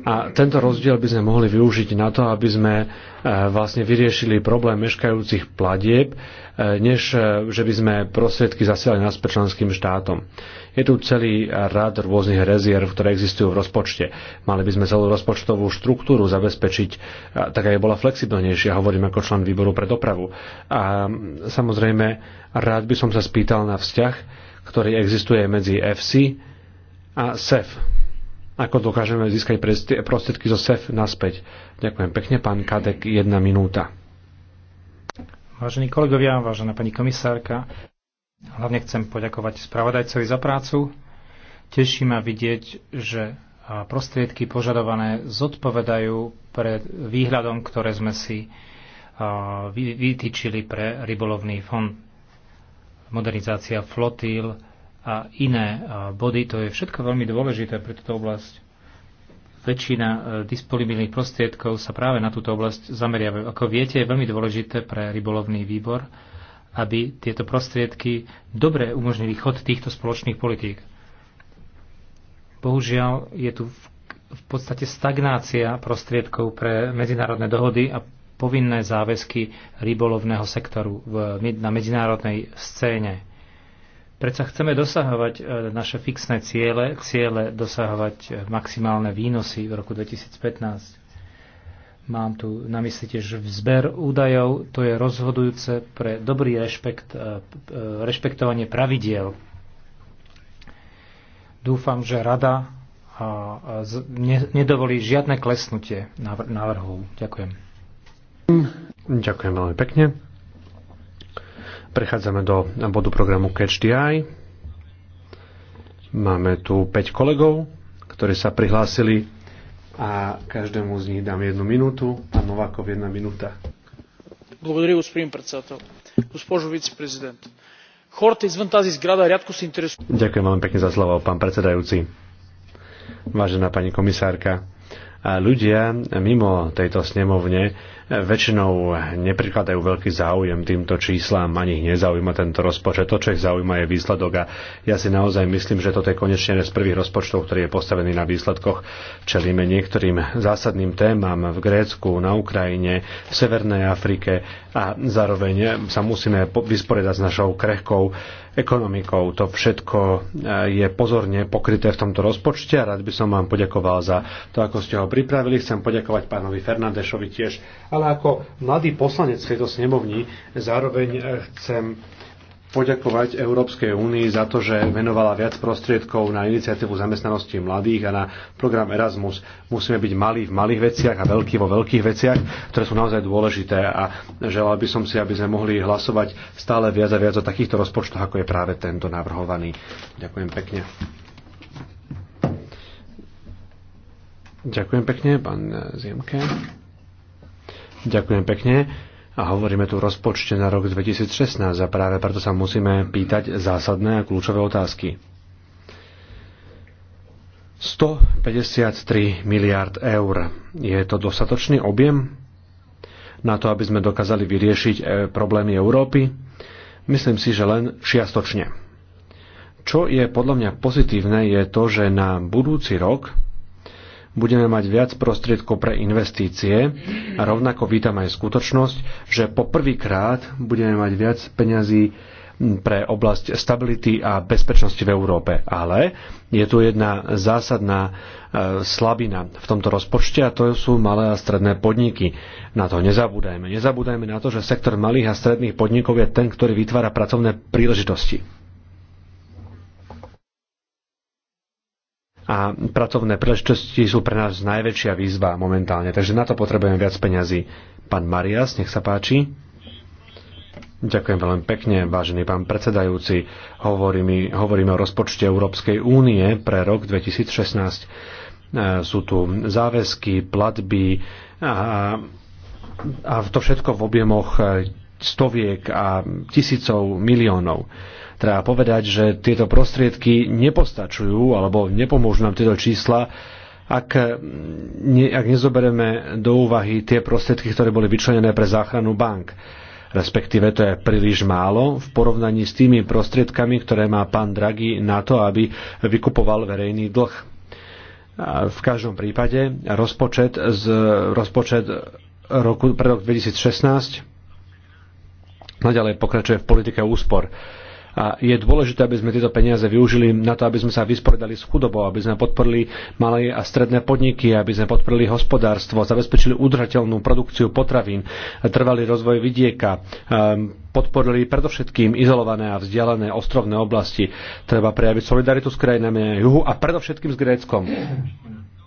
a tento rozdiel by sme mohli využiť na to, aby sme e, vlastne vyriešili problém meškajúcich platieb, e, než e, že by sme prostriedky zasielali nás členským štátom. Je tu celý rad rôznych rezierv, ktoré existujú v rozpočte. Mali by sme celú rozpočtovú štruktúru zabezpečiť, tak aj bola flexibilnejšia, hovorím ako člen výboru pre dopravu. A samozrejme, rád by som sa spýtal na vzťah, ktorý existuje medzi FC a SEF ako dokážeme získať prostriedky zo SEF naspäť. Ďakujem pekne, pán Kadek, jedna minúta. Vážení kolegovia, vážená pani komisárka, hlavne chcem poďakovať spravodajcovi za prácu. Teší ma vidieť, že prostriedky požadované zodpovedajú pred výhľadom, ktoré sme si vytýčili pre rybolovný fond. Modernizácia flotíl, a iné body. To je všetko veľmi dôležité pre túto oblasť. Väčšina e, disponibilných prostriedkov sa práve na túto oblasť zameriavajú. Ako viete, je veľmi dôležité pre rybolovný výbor, aby tieto prostriedky dobre umožnili chod týchto spoločných politík. Bohužiaľ, je tu v podstate stagnácia prostriedkov pre medzinárodné dohody a povinné záväzky rybolovného sektoru na medzinárodnej scéne Predsa chceme dosahovať e, naše fixné ciele, ciele dosahovať e, maximálne výnosy v roku 2015. Mám tu na mysli tiež zber údajov, to je rozhodujúce pre dobrý rešpekt, e, rešpektovanie pravidiel. Dúfam, že rada nedovolí žiadne klesnutie návrhov. Ďakujem. Ďakujem veľmi pekne. Prechádzame do bodu programu Catch the Eye. Máme tu 5 kolegov, ktorí sa prihlásili a každému z nich dám jednu minútu. Pán Novákov, jedna minúta. Благодаря, господин председател. Госпожо вице-президент, хората извън тази сграда рядко се интересуват. Ďakujem veľmi pekne za slovo, pán predsedajúci. Vážená pani komisárka, a ľudia mimo tejto snemovne väčšinou neprikladajú veľký záujem týmto číslám, ani ich nezaujíma tento rozpočet. To, čo ich zaujíma, je výsledok a ja si naozaj myslím, že toto je konečne z prvých rozpočtov, ktorý je postavený na výsledkoch. Čelíme niektorým zásadným témam v Grécku, na Ukrajine, v Severnej Afrike a zároveň sa musíme vysporiadať s našou krehkou ekonomikou. To všetko eh, je pozorne pokryté v tomto rozpočte a rád by som vám poďakoval za to, ako ste ho pripravili. Chcem poďakovať pánovi Fernandešovi tiež, ale ako mladý poslanec tejto snemovni zároveň eh, chcem poďakovať Európskej únii za to, že venovala viac prostriedkov na iniciatívu zamestnanosti mladých a na program Erasmus. Musíme byť malí v malých veciach a veľkí vo veľkých veciach, ktoré sú naozaj dôležité a želal by som si, aby sme mohli hlasovať stále viac a viac o takýchto rozpočtoch, ako je práve tento navrhovaný. Ďakujem pekne. Ďakujem pekne, pán Ziemke. Ďakujem pekne. A hovoríme tu o rozpočte na rok 2016 a práve preto sa musíme pýtať zásadné a kľúčové otázky. 153 miliard eur. Je to dostatočný objem na to, aby sme dokázali vyriešiť e, problémy Európy? Myslím si, že len čiastočne. Čo je podľa mňa pozitívne, je to, že na budúci rok budeme mať viac prostriedkov pre investície a rovnako vítam aj skutočnosť, že poprvýkrát budeme mať viac peňazí pre oblasť stability a bezpečnosti v Európe. Ale je tu jedna zásadná e, slabina v tomto rozpočte a to sú malé a stredné podniky. Na to nezabúdajme. Nezabúdajme na to, že sektor malých a stredných podnikov je ten, ktorý vytvára pracovné príležitosti. a pracovné príležitosti sú pre nás najväčšia výzva momentálne, takže na to potrebujeme viac peňazí. Pán Marias, nech sa páči. Ďakujem veľmi pekne, vážený pán predsedajúci. Hovorí mi, hovoríme o rozpočte Európskej únie pre rok 2016. E, sú tu záväzky, platby a, a to všetko v objemoch e, stoviek a tisícov miliónov. Treba povedať, že tieto prostriedky nepostačujú alebo nepomôžu nám tieto čísla, ak, ne, ak nezoberieme do úvahy tie prostriedky, ktoré boli vyčlenené pre záchranu bank. Respektíve to je príliš málo v porovnaní s tými prostriedkami, ktoré má pán Draghi na to, aby vykupoval verejný dlh. V každom prípade rozpočet, z, rozpočet roku, pre rok 2016 naďalej pokračuje v politike úspor a je dôležité, aby sme tieto peniaze využili na to, aby sme sa vysporiadali s chudobou, aby sme podporili malé a stredné podniky, aby sme podporili hospodárstvo, zabezpečili udržateľnú produkciu potravín, trvalý rozvoj vidieka, ehm, podporili predovšetkým izolované a vzdialené ostrovné oblasti. Treba prejaviť solidaritu s krajinami juhu a predovšetkým s Gréckom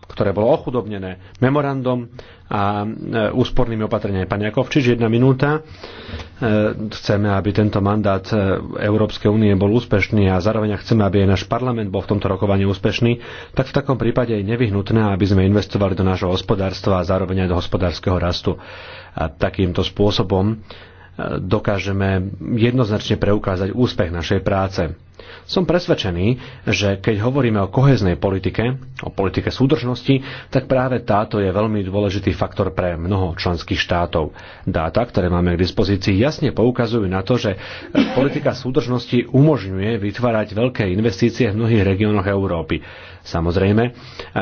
ktoré bolo ochudobnené memorandum a e, úspornými opatreniami. Pani Jakovčič, jedna minúta. E, chceme, aby tento mandát e, Európskej únie bol úspešný a zároveň chceme, aby aj náš parlament bol v tomto rokovaní úspešný, tak v takom prípade je nevyhnutné, aby sme investovali do nášho hospodárstva a zároveň aj do hospodárskeho rastu. A takýmto spôsobom dokážeme jednoznačne preukázať úspech našej práce. Som presvedčený, že keď hovoríme o koheznej politike, o politike súdržnosti, tak práve táto je veľmi dôležitý faktor pre mnoho členských štátov. Dáta, ktoré máme k dispozícii, jasne poukazujú na to, že politika súdržnosti umožňuje vytvárať veľké investície v mnohých regiónoch Európy. Samozrejme,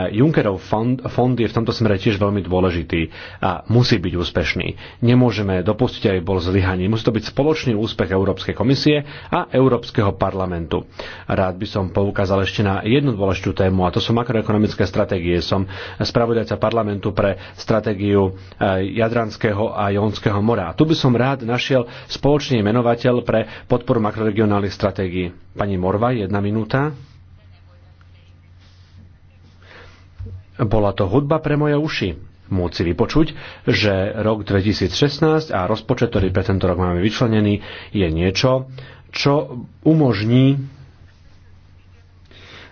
Junckerov fond, fond je v tomto smere tiež veľmi dôležitý a musí byť úspešný. Nemôžeme dopustiť, aby bol zlyhaný. Musí to byť spoločný úspech Európskej komisie a Európskeho parlamentu parlamentu. Rád by som poukázal ešte na jednu dôležitú tému, a to sú makroekonomické stratégie. Som spravodajca parlamentu pre stratégiu eh, Jadranského a Jonského mora. A tu by som rád našiel spoločný menovateľ pre podporu makroregionálnych stratégií. Pani Morva, jedna minúta. Bola to hudba pre moje uši. Môcť si vypočuť, že rok 2016 a rozpočet, ktorý pre tento rok máme vyčlenený, je niečo, čo umožní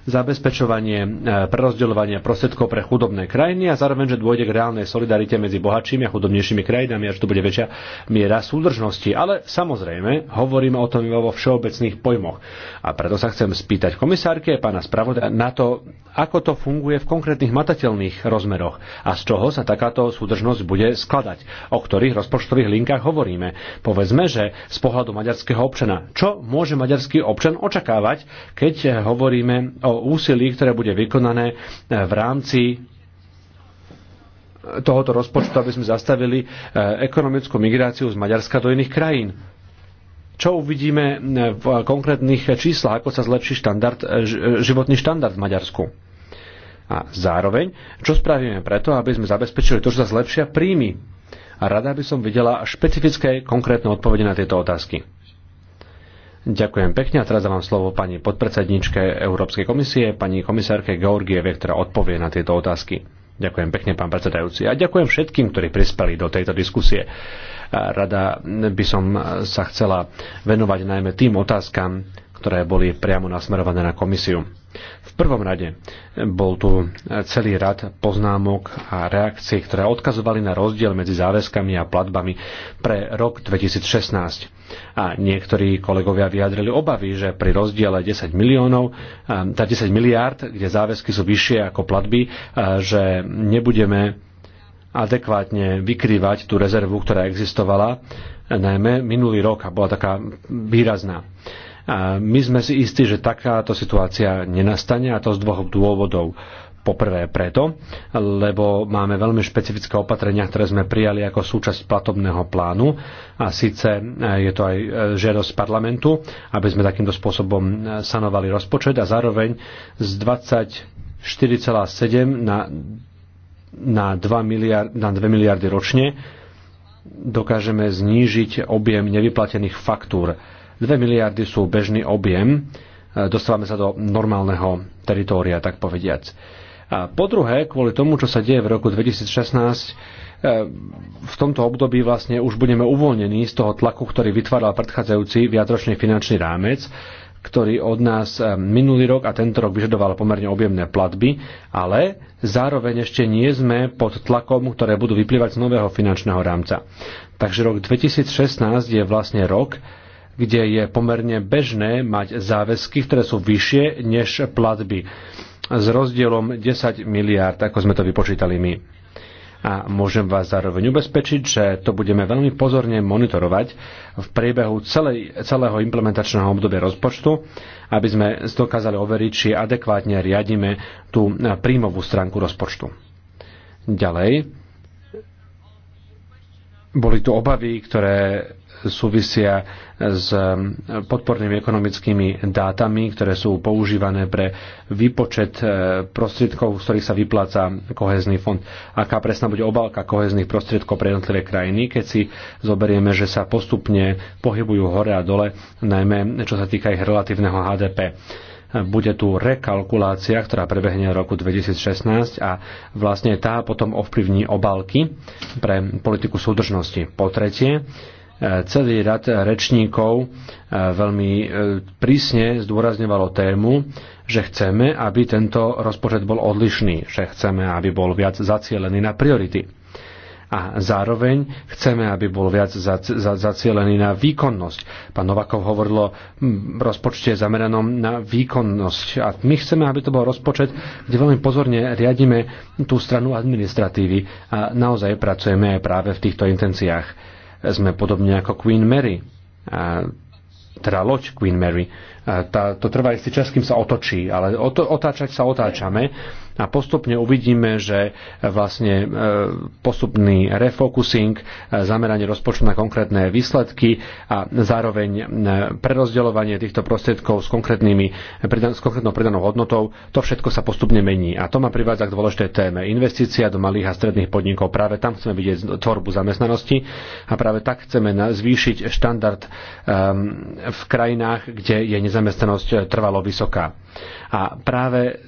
zabezpečovanie e, prerozdeľovania prostriedkov pre chudobné krajiny a zároveň, že dôjde k reálnej solidarite medzi bohatšími a chudobnejšími krajinami a že tu bude väčšia miera súdržnosti. Ale samozrejme, hovoríme o tom iba vo všeobecných pojmoch. A preto sa chcem spýtať komisárke pána spravodaj na to, ako to funguje v konkrétnych matateľných rozmeroch a z čoho sa takáto súdržnosť bude skladať, o ktorých rozpočtových linkách hovoríme. Povedzme, že z pohľadu maďarského občana, čo môže maďarský občan očakávať, keď e, hovoríme o úsilí, ktoré bude vykonané eh, v rámci tohoto rozpočtu, aby sme zastavili eh, ekonomickú migráciu z Maďarska do iných krajín. Čo uvidíme eh, v konkrétnych číslach, ako sa zlepší štandard, životný štandard v Maďarsku? A zároveň, čo spravíme preto, aby sme zabezpečili to, že sa zlepšia príjmy? A rada by som videla špecifické konkrétne odpovede na tieto otázky. Ďakujem pekne a teraz dávam slovo pani podpredsedničke Európskej komisie, pani komisárke Georgieve, ktorá odpovie na tieto otázky. Ďakujem pekne, pán predsedajúci. A ďakujem všetkým, ktorí prispeli do tejto diskusie. Rada by som sa chcela venovať najmä tým otázkam, ktoré boli priamo nasmerované na komisiu. V prvom rade bol tu celý rad poznámok a reakcií, ktoré odkazovali na rozdiel medzi záväzkami a platbami pre rok 2016. A niektorí kolegovia vyjadrili obavy, že pri rozdiele 10 miliónov, tá 10 miliárd, kde záväzky sú vyššie ako platby, že nebudeme adekvátne vykrývať tú rezervu, ktorá existovala, najmä minulý rok a bola taká výrazná. My sme si istí, že takáto situácia nenastane a to z dvoch dôvodov. Poprvé preto, lebo máme veľmi špecifické opatrenia, ktoré sme prijali ako súčasť platobného plánu a síce e, je to aj e, žiadosť parlamentu, aby sme takýmto spôsobom e, sanovali rozpočet a zároveň z 24,7 na, na, 2 miliard, na 2 miliardy ročne dokážeme znížiť objem nevyplatených faktúr 2 miliardy sú bežný objem, e, dostávame sa do normálneho teritória, tak povediac. A po druhé, kvôli tomu, čo sa deje v roku 2016, e, v tomto období vlastne už budeme uvoľnení z toho tlaku, ktorý vytváral predchádzajúci viacročný finančný rámec, ktorý od nás e, minulý rok a tento rok vyžadoval pomerne objemné platby, ale zároveň ešte nie sme pod tlakom, ktoré budú vyplývať z nového finančného rámca. Takže rok 2016 je vlastne rok, kde je pomerne bežné mať záväzky, ktoré sú vyššie než platby s rozdielom 10 miliárd, ako sme to vypočítali my. A môžem vás zároveň ubezpečiť, že to budeme veľmi pozorne monitorovať v priebehu celej, celého implementačného obdobia rozpočtu, aby sme dokázali overiť, či adekvátne riadime tú príjmovú stránku rozpočtu. Ďalej, boli tu obavy, ktoré súvisia s podpornými ekonomickými dátami, ktoré sú používané pre výpočet e, prostriedkov, z ktorých sa vypláca kohezný fond. Aká presná bude obálka kohezných prostriedkov pre jednotlivé krajiny, keď si zoberieme, že sa postupne pohybujú hore a dole, najmä čo sa týka ich relatívneho HDP bude tu rekalkulácia, ktorá prebehne v roku 2016 a vlastne tá potom ovplyvní obálky pre politiku súdržnosti. Po tretie, celý rad rečníkov e, veľmi e, prísne zdôrazňovalo tému, že chceme, aby tento rozpočet bol odlišný, že chceme, aby bol viac zacielený na priority. A zároveň chceme, aby bol viac zacielený na výkonnosť. Pán Novakov hovoril o rozpočte zameranom na výkonnosť. A my chceme, aby to bol rozpočet, kde veľmi pozorne riadíme tú stranu administratívy a naozaj pracujeme aj práve v týchto intenciách sme podobne ako Queen Mary, teda loď Queen Mary. Tá, to trvá istý čas, kým sa otočí, ale oto, otáčať sa otáčame a postupne uvidíme, že e, vlastne e, postupný refocusing, e, zameranie rozpočtu na konkrétne výsledky a zároveň prerozdeľovanie týchto prostriedkov s, konkrétnymi, s konkrétnou pridanou hodnotou, to všetko sa postupne mení. A to ma privádza k dôležitej téme. Investícia do malých a stredných podnikov. Práve tam chceme vidieť tvorbu zamestnanosti a práve tak chceme zvýšiť štandard ehm, v krajinách, kde je nezamestnanosť trvalo vysoká. A práve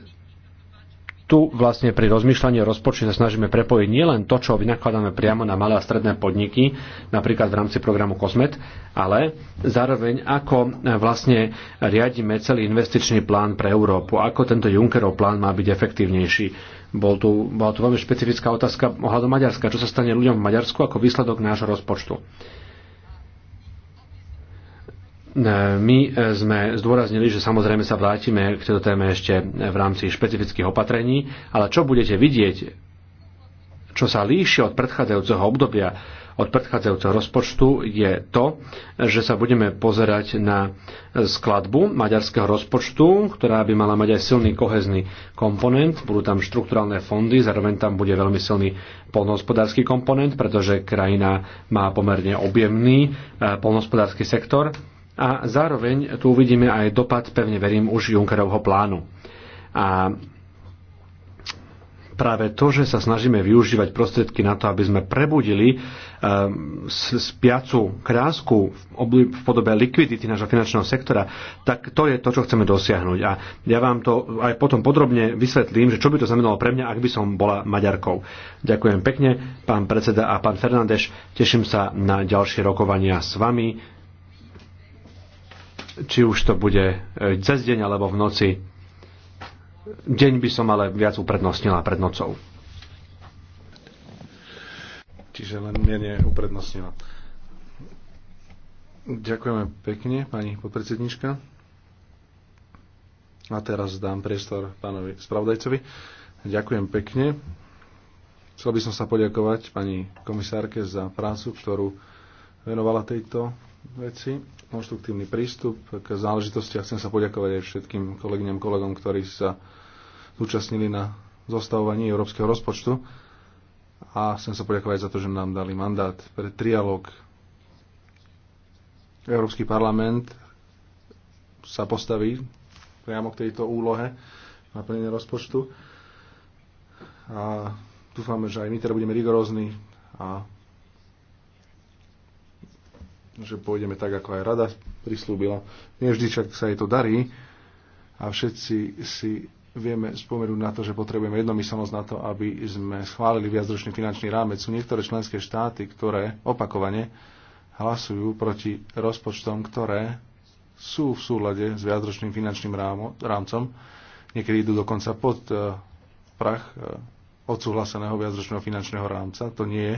tu vlastne pri rozmýšľaní o rozpočte sa snažíme prepojiť nielen to, čo vynakladáme priamo na malé a stredné podniky, napríklad v rámci programu COSMET, ale zároveň ako e, vlastne riadíme celý investičný plán pre Európu, ako tento Junckerov plán má byť efektívnejší. Bol tu, bola tu veľmi špecifická otázka ohľadom Maďarska. Čo sa stane ľuďom v Maďarsku ako výsledok nášho rozpočtu? E, my e, sme zdôraznili, že samozrejme sa vrátime k tejto téme ešte v rámci špecifických opatrení, ale čo budete vidieť, čo sa líši od predchádzajúceho obdobia, od predchádzajúceho rozpočtu, je to, že sa budeme pozerať na skladbu maďarského rozpočtu, ktorá by mala mať aj silný kohezný komponent. Budú tam štrukturálne fondy, zároveň tam bude veľmi silný polnohospodársky komponent, pretože krajina má pomerne objemný e, polnohospodársky sektor a zároveň tu uvidíme aj dopad, pevne verím, už Junckerovho plánu. A práve to, že sa snažíme využívať prostriedky na to, aby sme prebudili eh, spiacu krásku v podobe likvidity nášho finančného sektora, tak to je to, čo chceme dosiahnuť. A ja vám to aj potom podrobne vysvetlím, že čo by to znamenalo pre mňa, ak by som bola Maďarkou. Ďakujem pekne, pán predseda a pán Fernández. Teším sa na ďalšie rokovania s vami či už to bude e, cez deň alebo v noci. Deň by som ale viac uprednostnila pred nocou. Čiže len mierne uprednostnila. Ďakujeme pekne, pani podpredsednička. A teraz dám priestor pánovi spravodajcovi. Ďakujem pekne. Chcel by som sa poďakovať pani komisárke za prácu, ktorú venovala tejto veci konštruktívny prístup k záležitosti a chcem sa poďakovať aj všetkým kolegyňam, kolegom, ktorí sa zúčastnili na zostavovaní európskeho rozpočtu a chcem sa poďakovať za to, že nám dali mandát pre trialóg. Európsky parlament sa postaví priamo k tejto úlohe na plnenie rozpočtu a dúfame, že aj my teda budeme rigorózni a že pôjdeme tak, ako aj rada prislúbila. Nevždy však sa jej to darí a všetci si vieme spomenúť na to, že potrebujeme jednomyselnosť na to, aby sme schválili viacročný finančný rámec. Sú niektoré členské štáty, ktoré opakovane hlasujú proti rozpočtom, ktoré sú v súlade s viacročným finančným rámcom. Niekedy idú dokonca pod eh, prach eh, odsúhlaseného viacročného finančného rámca. To nie je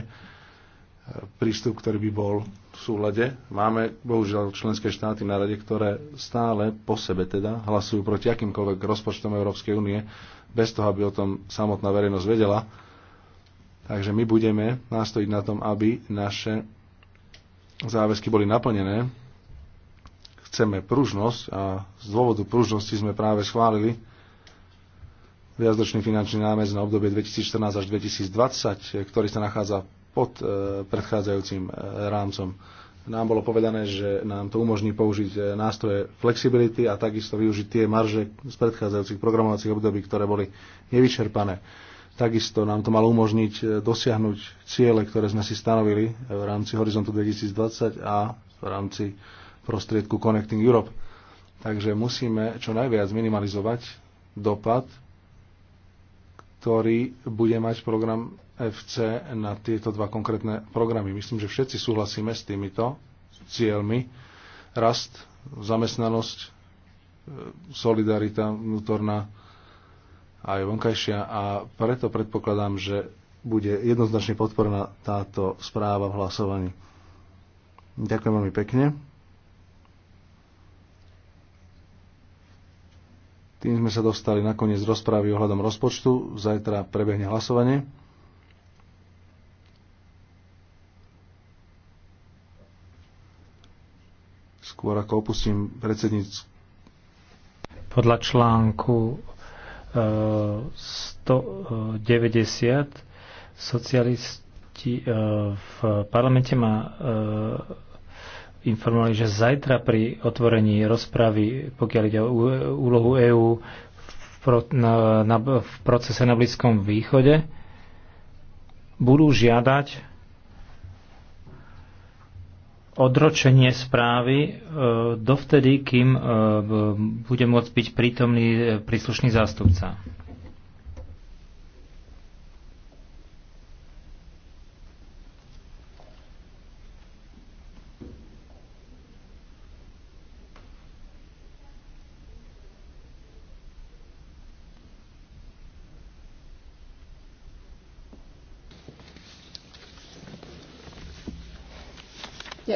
prístup, ktorý by bol v súlade. Máme, bohužiaľ, členské štáty na rade, ktoré stále po sebe teda hlasujú proti akýmkoľvek rozpočtom Európskej únie, bez toho, aby o tom samotná verejnosť vedela. Takže my budeme nastojiť na tom, aby naše záväzky boli naplnené. Chceme pružnosť a z dôvodu pružnosti sme práve schválili viacročný finančný námec na obdobie 2014 až 2020, ktorý sa nachádza pod e, predchádzajúcim e, rámcom. Nám bolo povedané, že nám to umožní použiť e, nástroje flexibility a takisto využiť tie marže z predchádzajúcich programovacích období, ktoré boli nevyčerpané. Takisto nám to malo umožniť dosiahnuť ciele, ktoré sme si stanovili v rámci Horizontu 2020 a v rámci prostriedku Connecting Europe. Takže musíme čo najviac minimalizovať dopad ktorý bude mať program FC na tieto dva konkrétne programy. Myslím, že všetci súhlasíme s týmito cieľmi. Rast, zamestnanosť, e, solidarita vnútorná aj vonkajšia a preto predpokladám, že bude jednoznačne podporená táto správa v hlasovaní. Ďakujem veľmi pekne. Tým sme sa dostali na koniec rozprávy ohľadom rozpočtu. Zajtra prebehne hlasovanie. Skôr ako opustím predsedníctvo. Podľa článku 190 e, e, socialisti e, v parlamente má informovali, že zajtra pri otvorení rozpravy, pokiaľ ide o úlohu EÚ v, pro, na, na, v procese na Blízkom východe, budú žiadať odročenie správy e, dovtedy, kým e, bude môcť byť prítomný e, príslušný zástupca.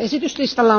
συζήτηση του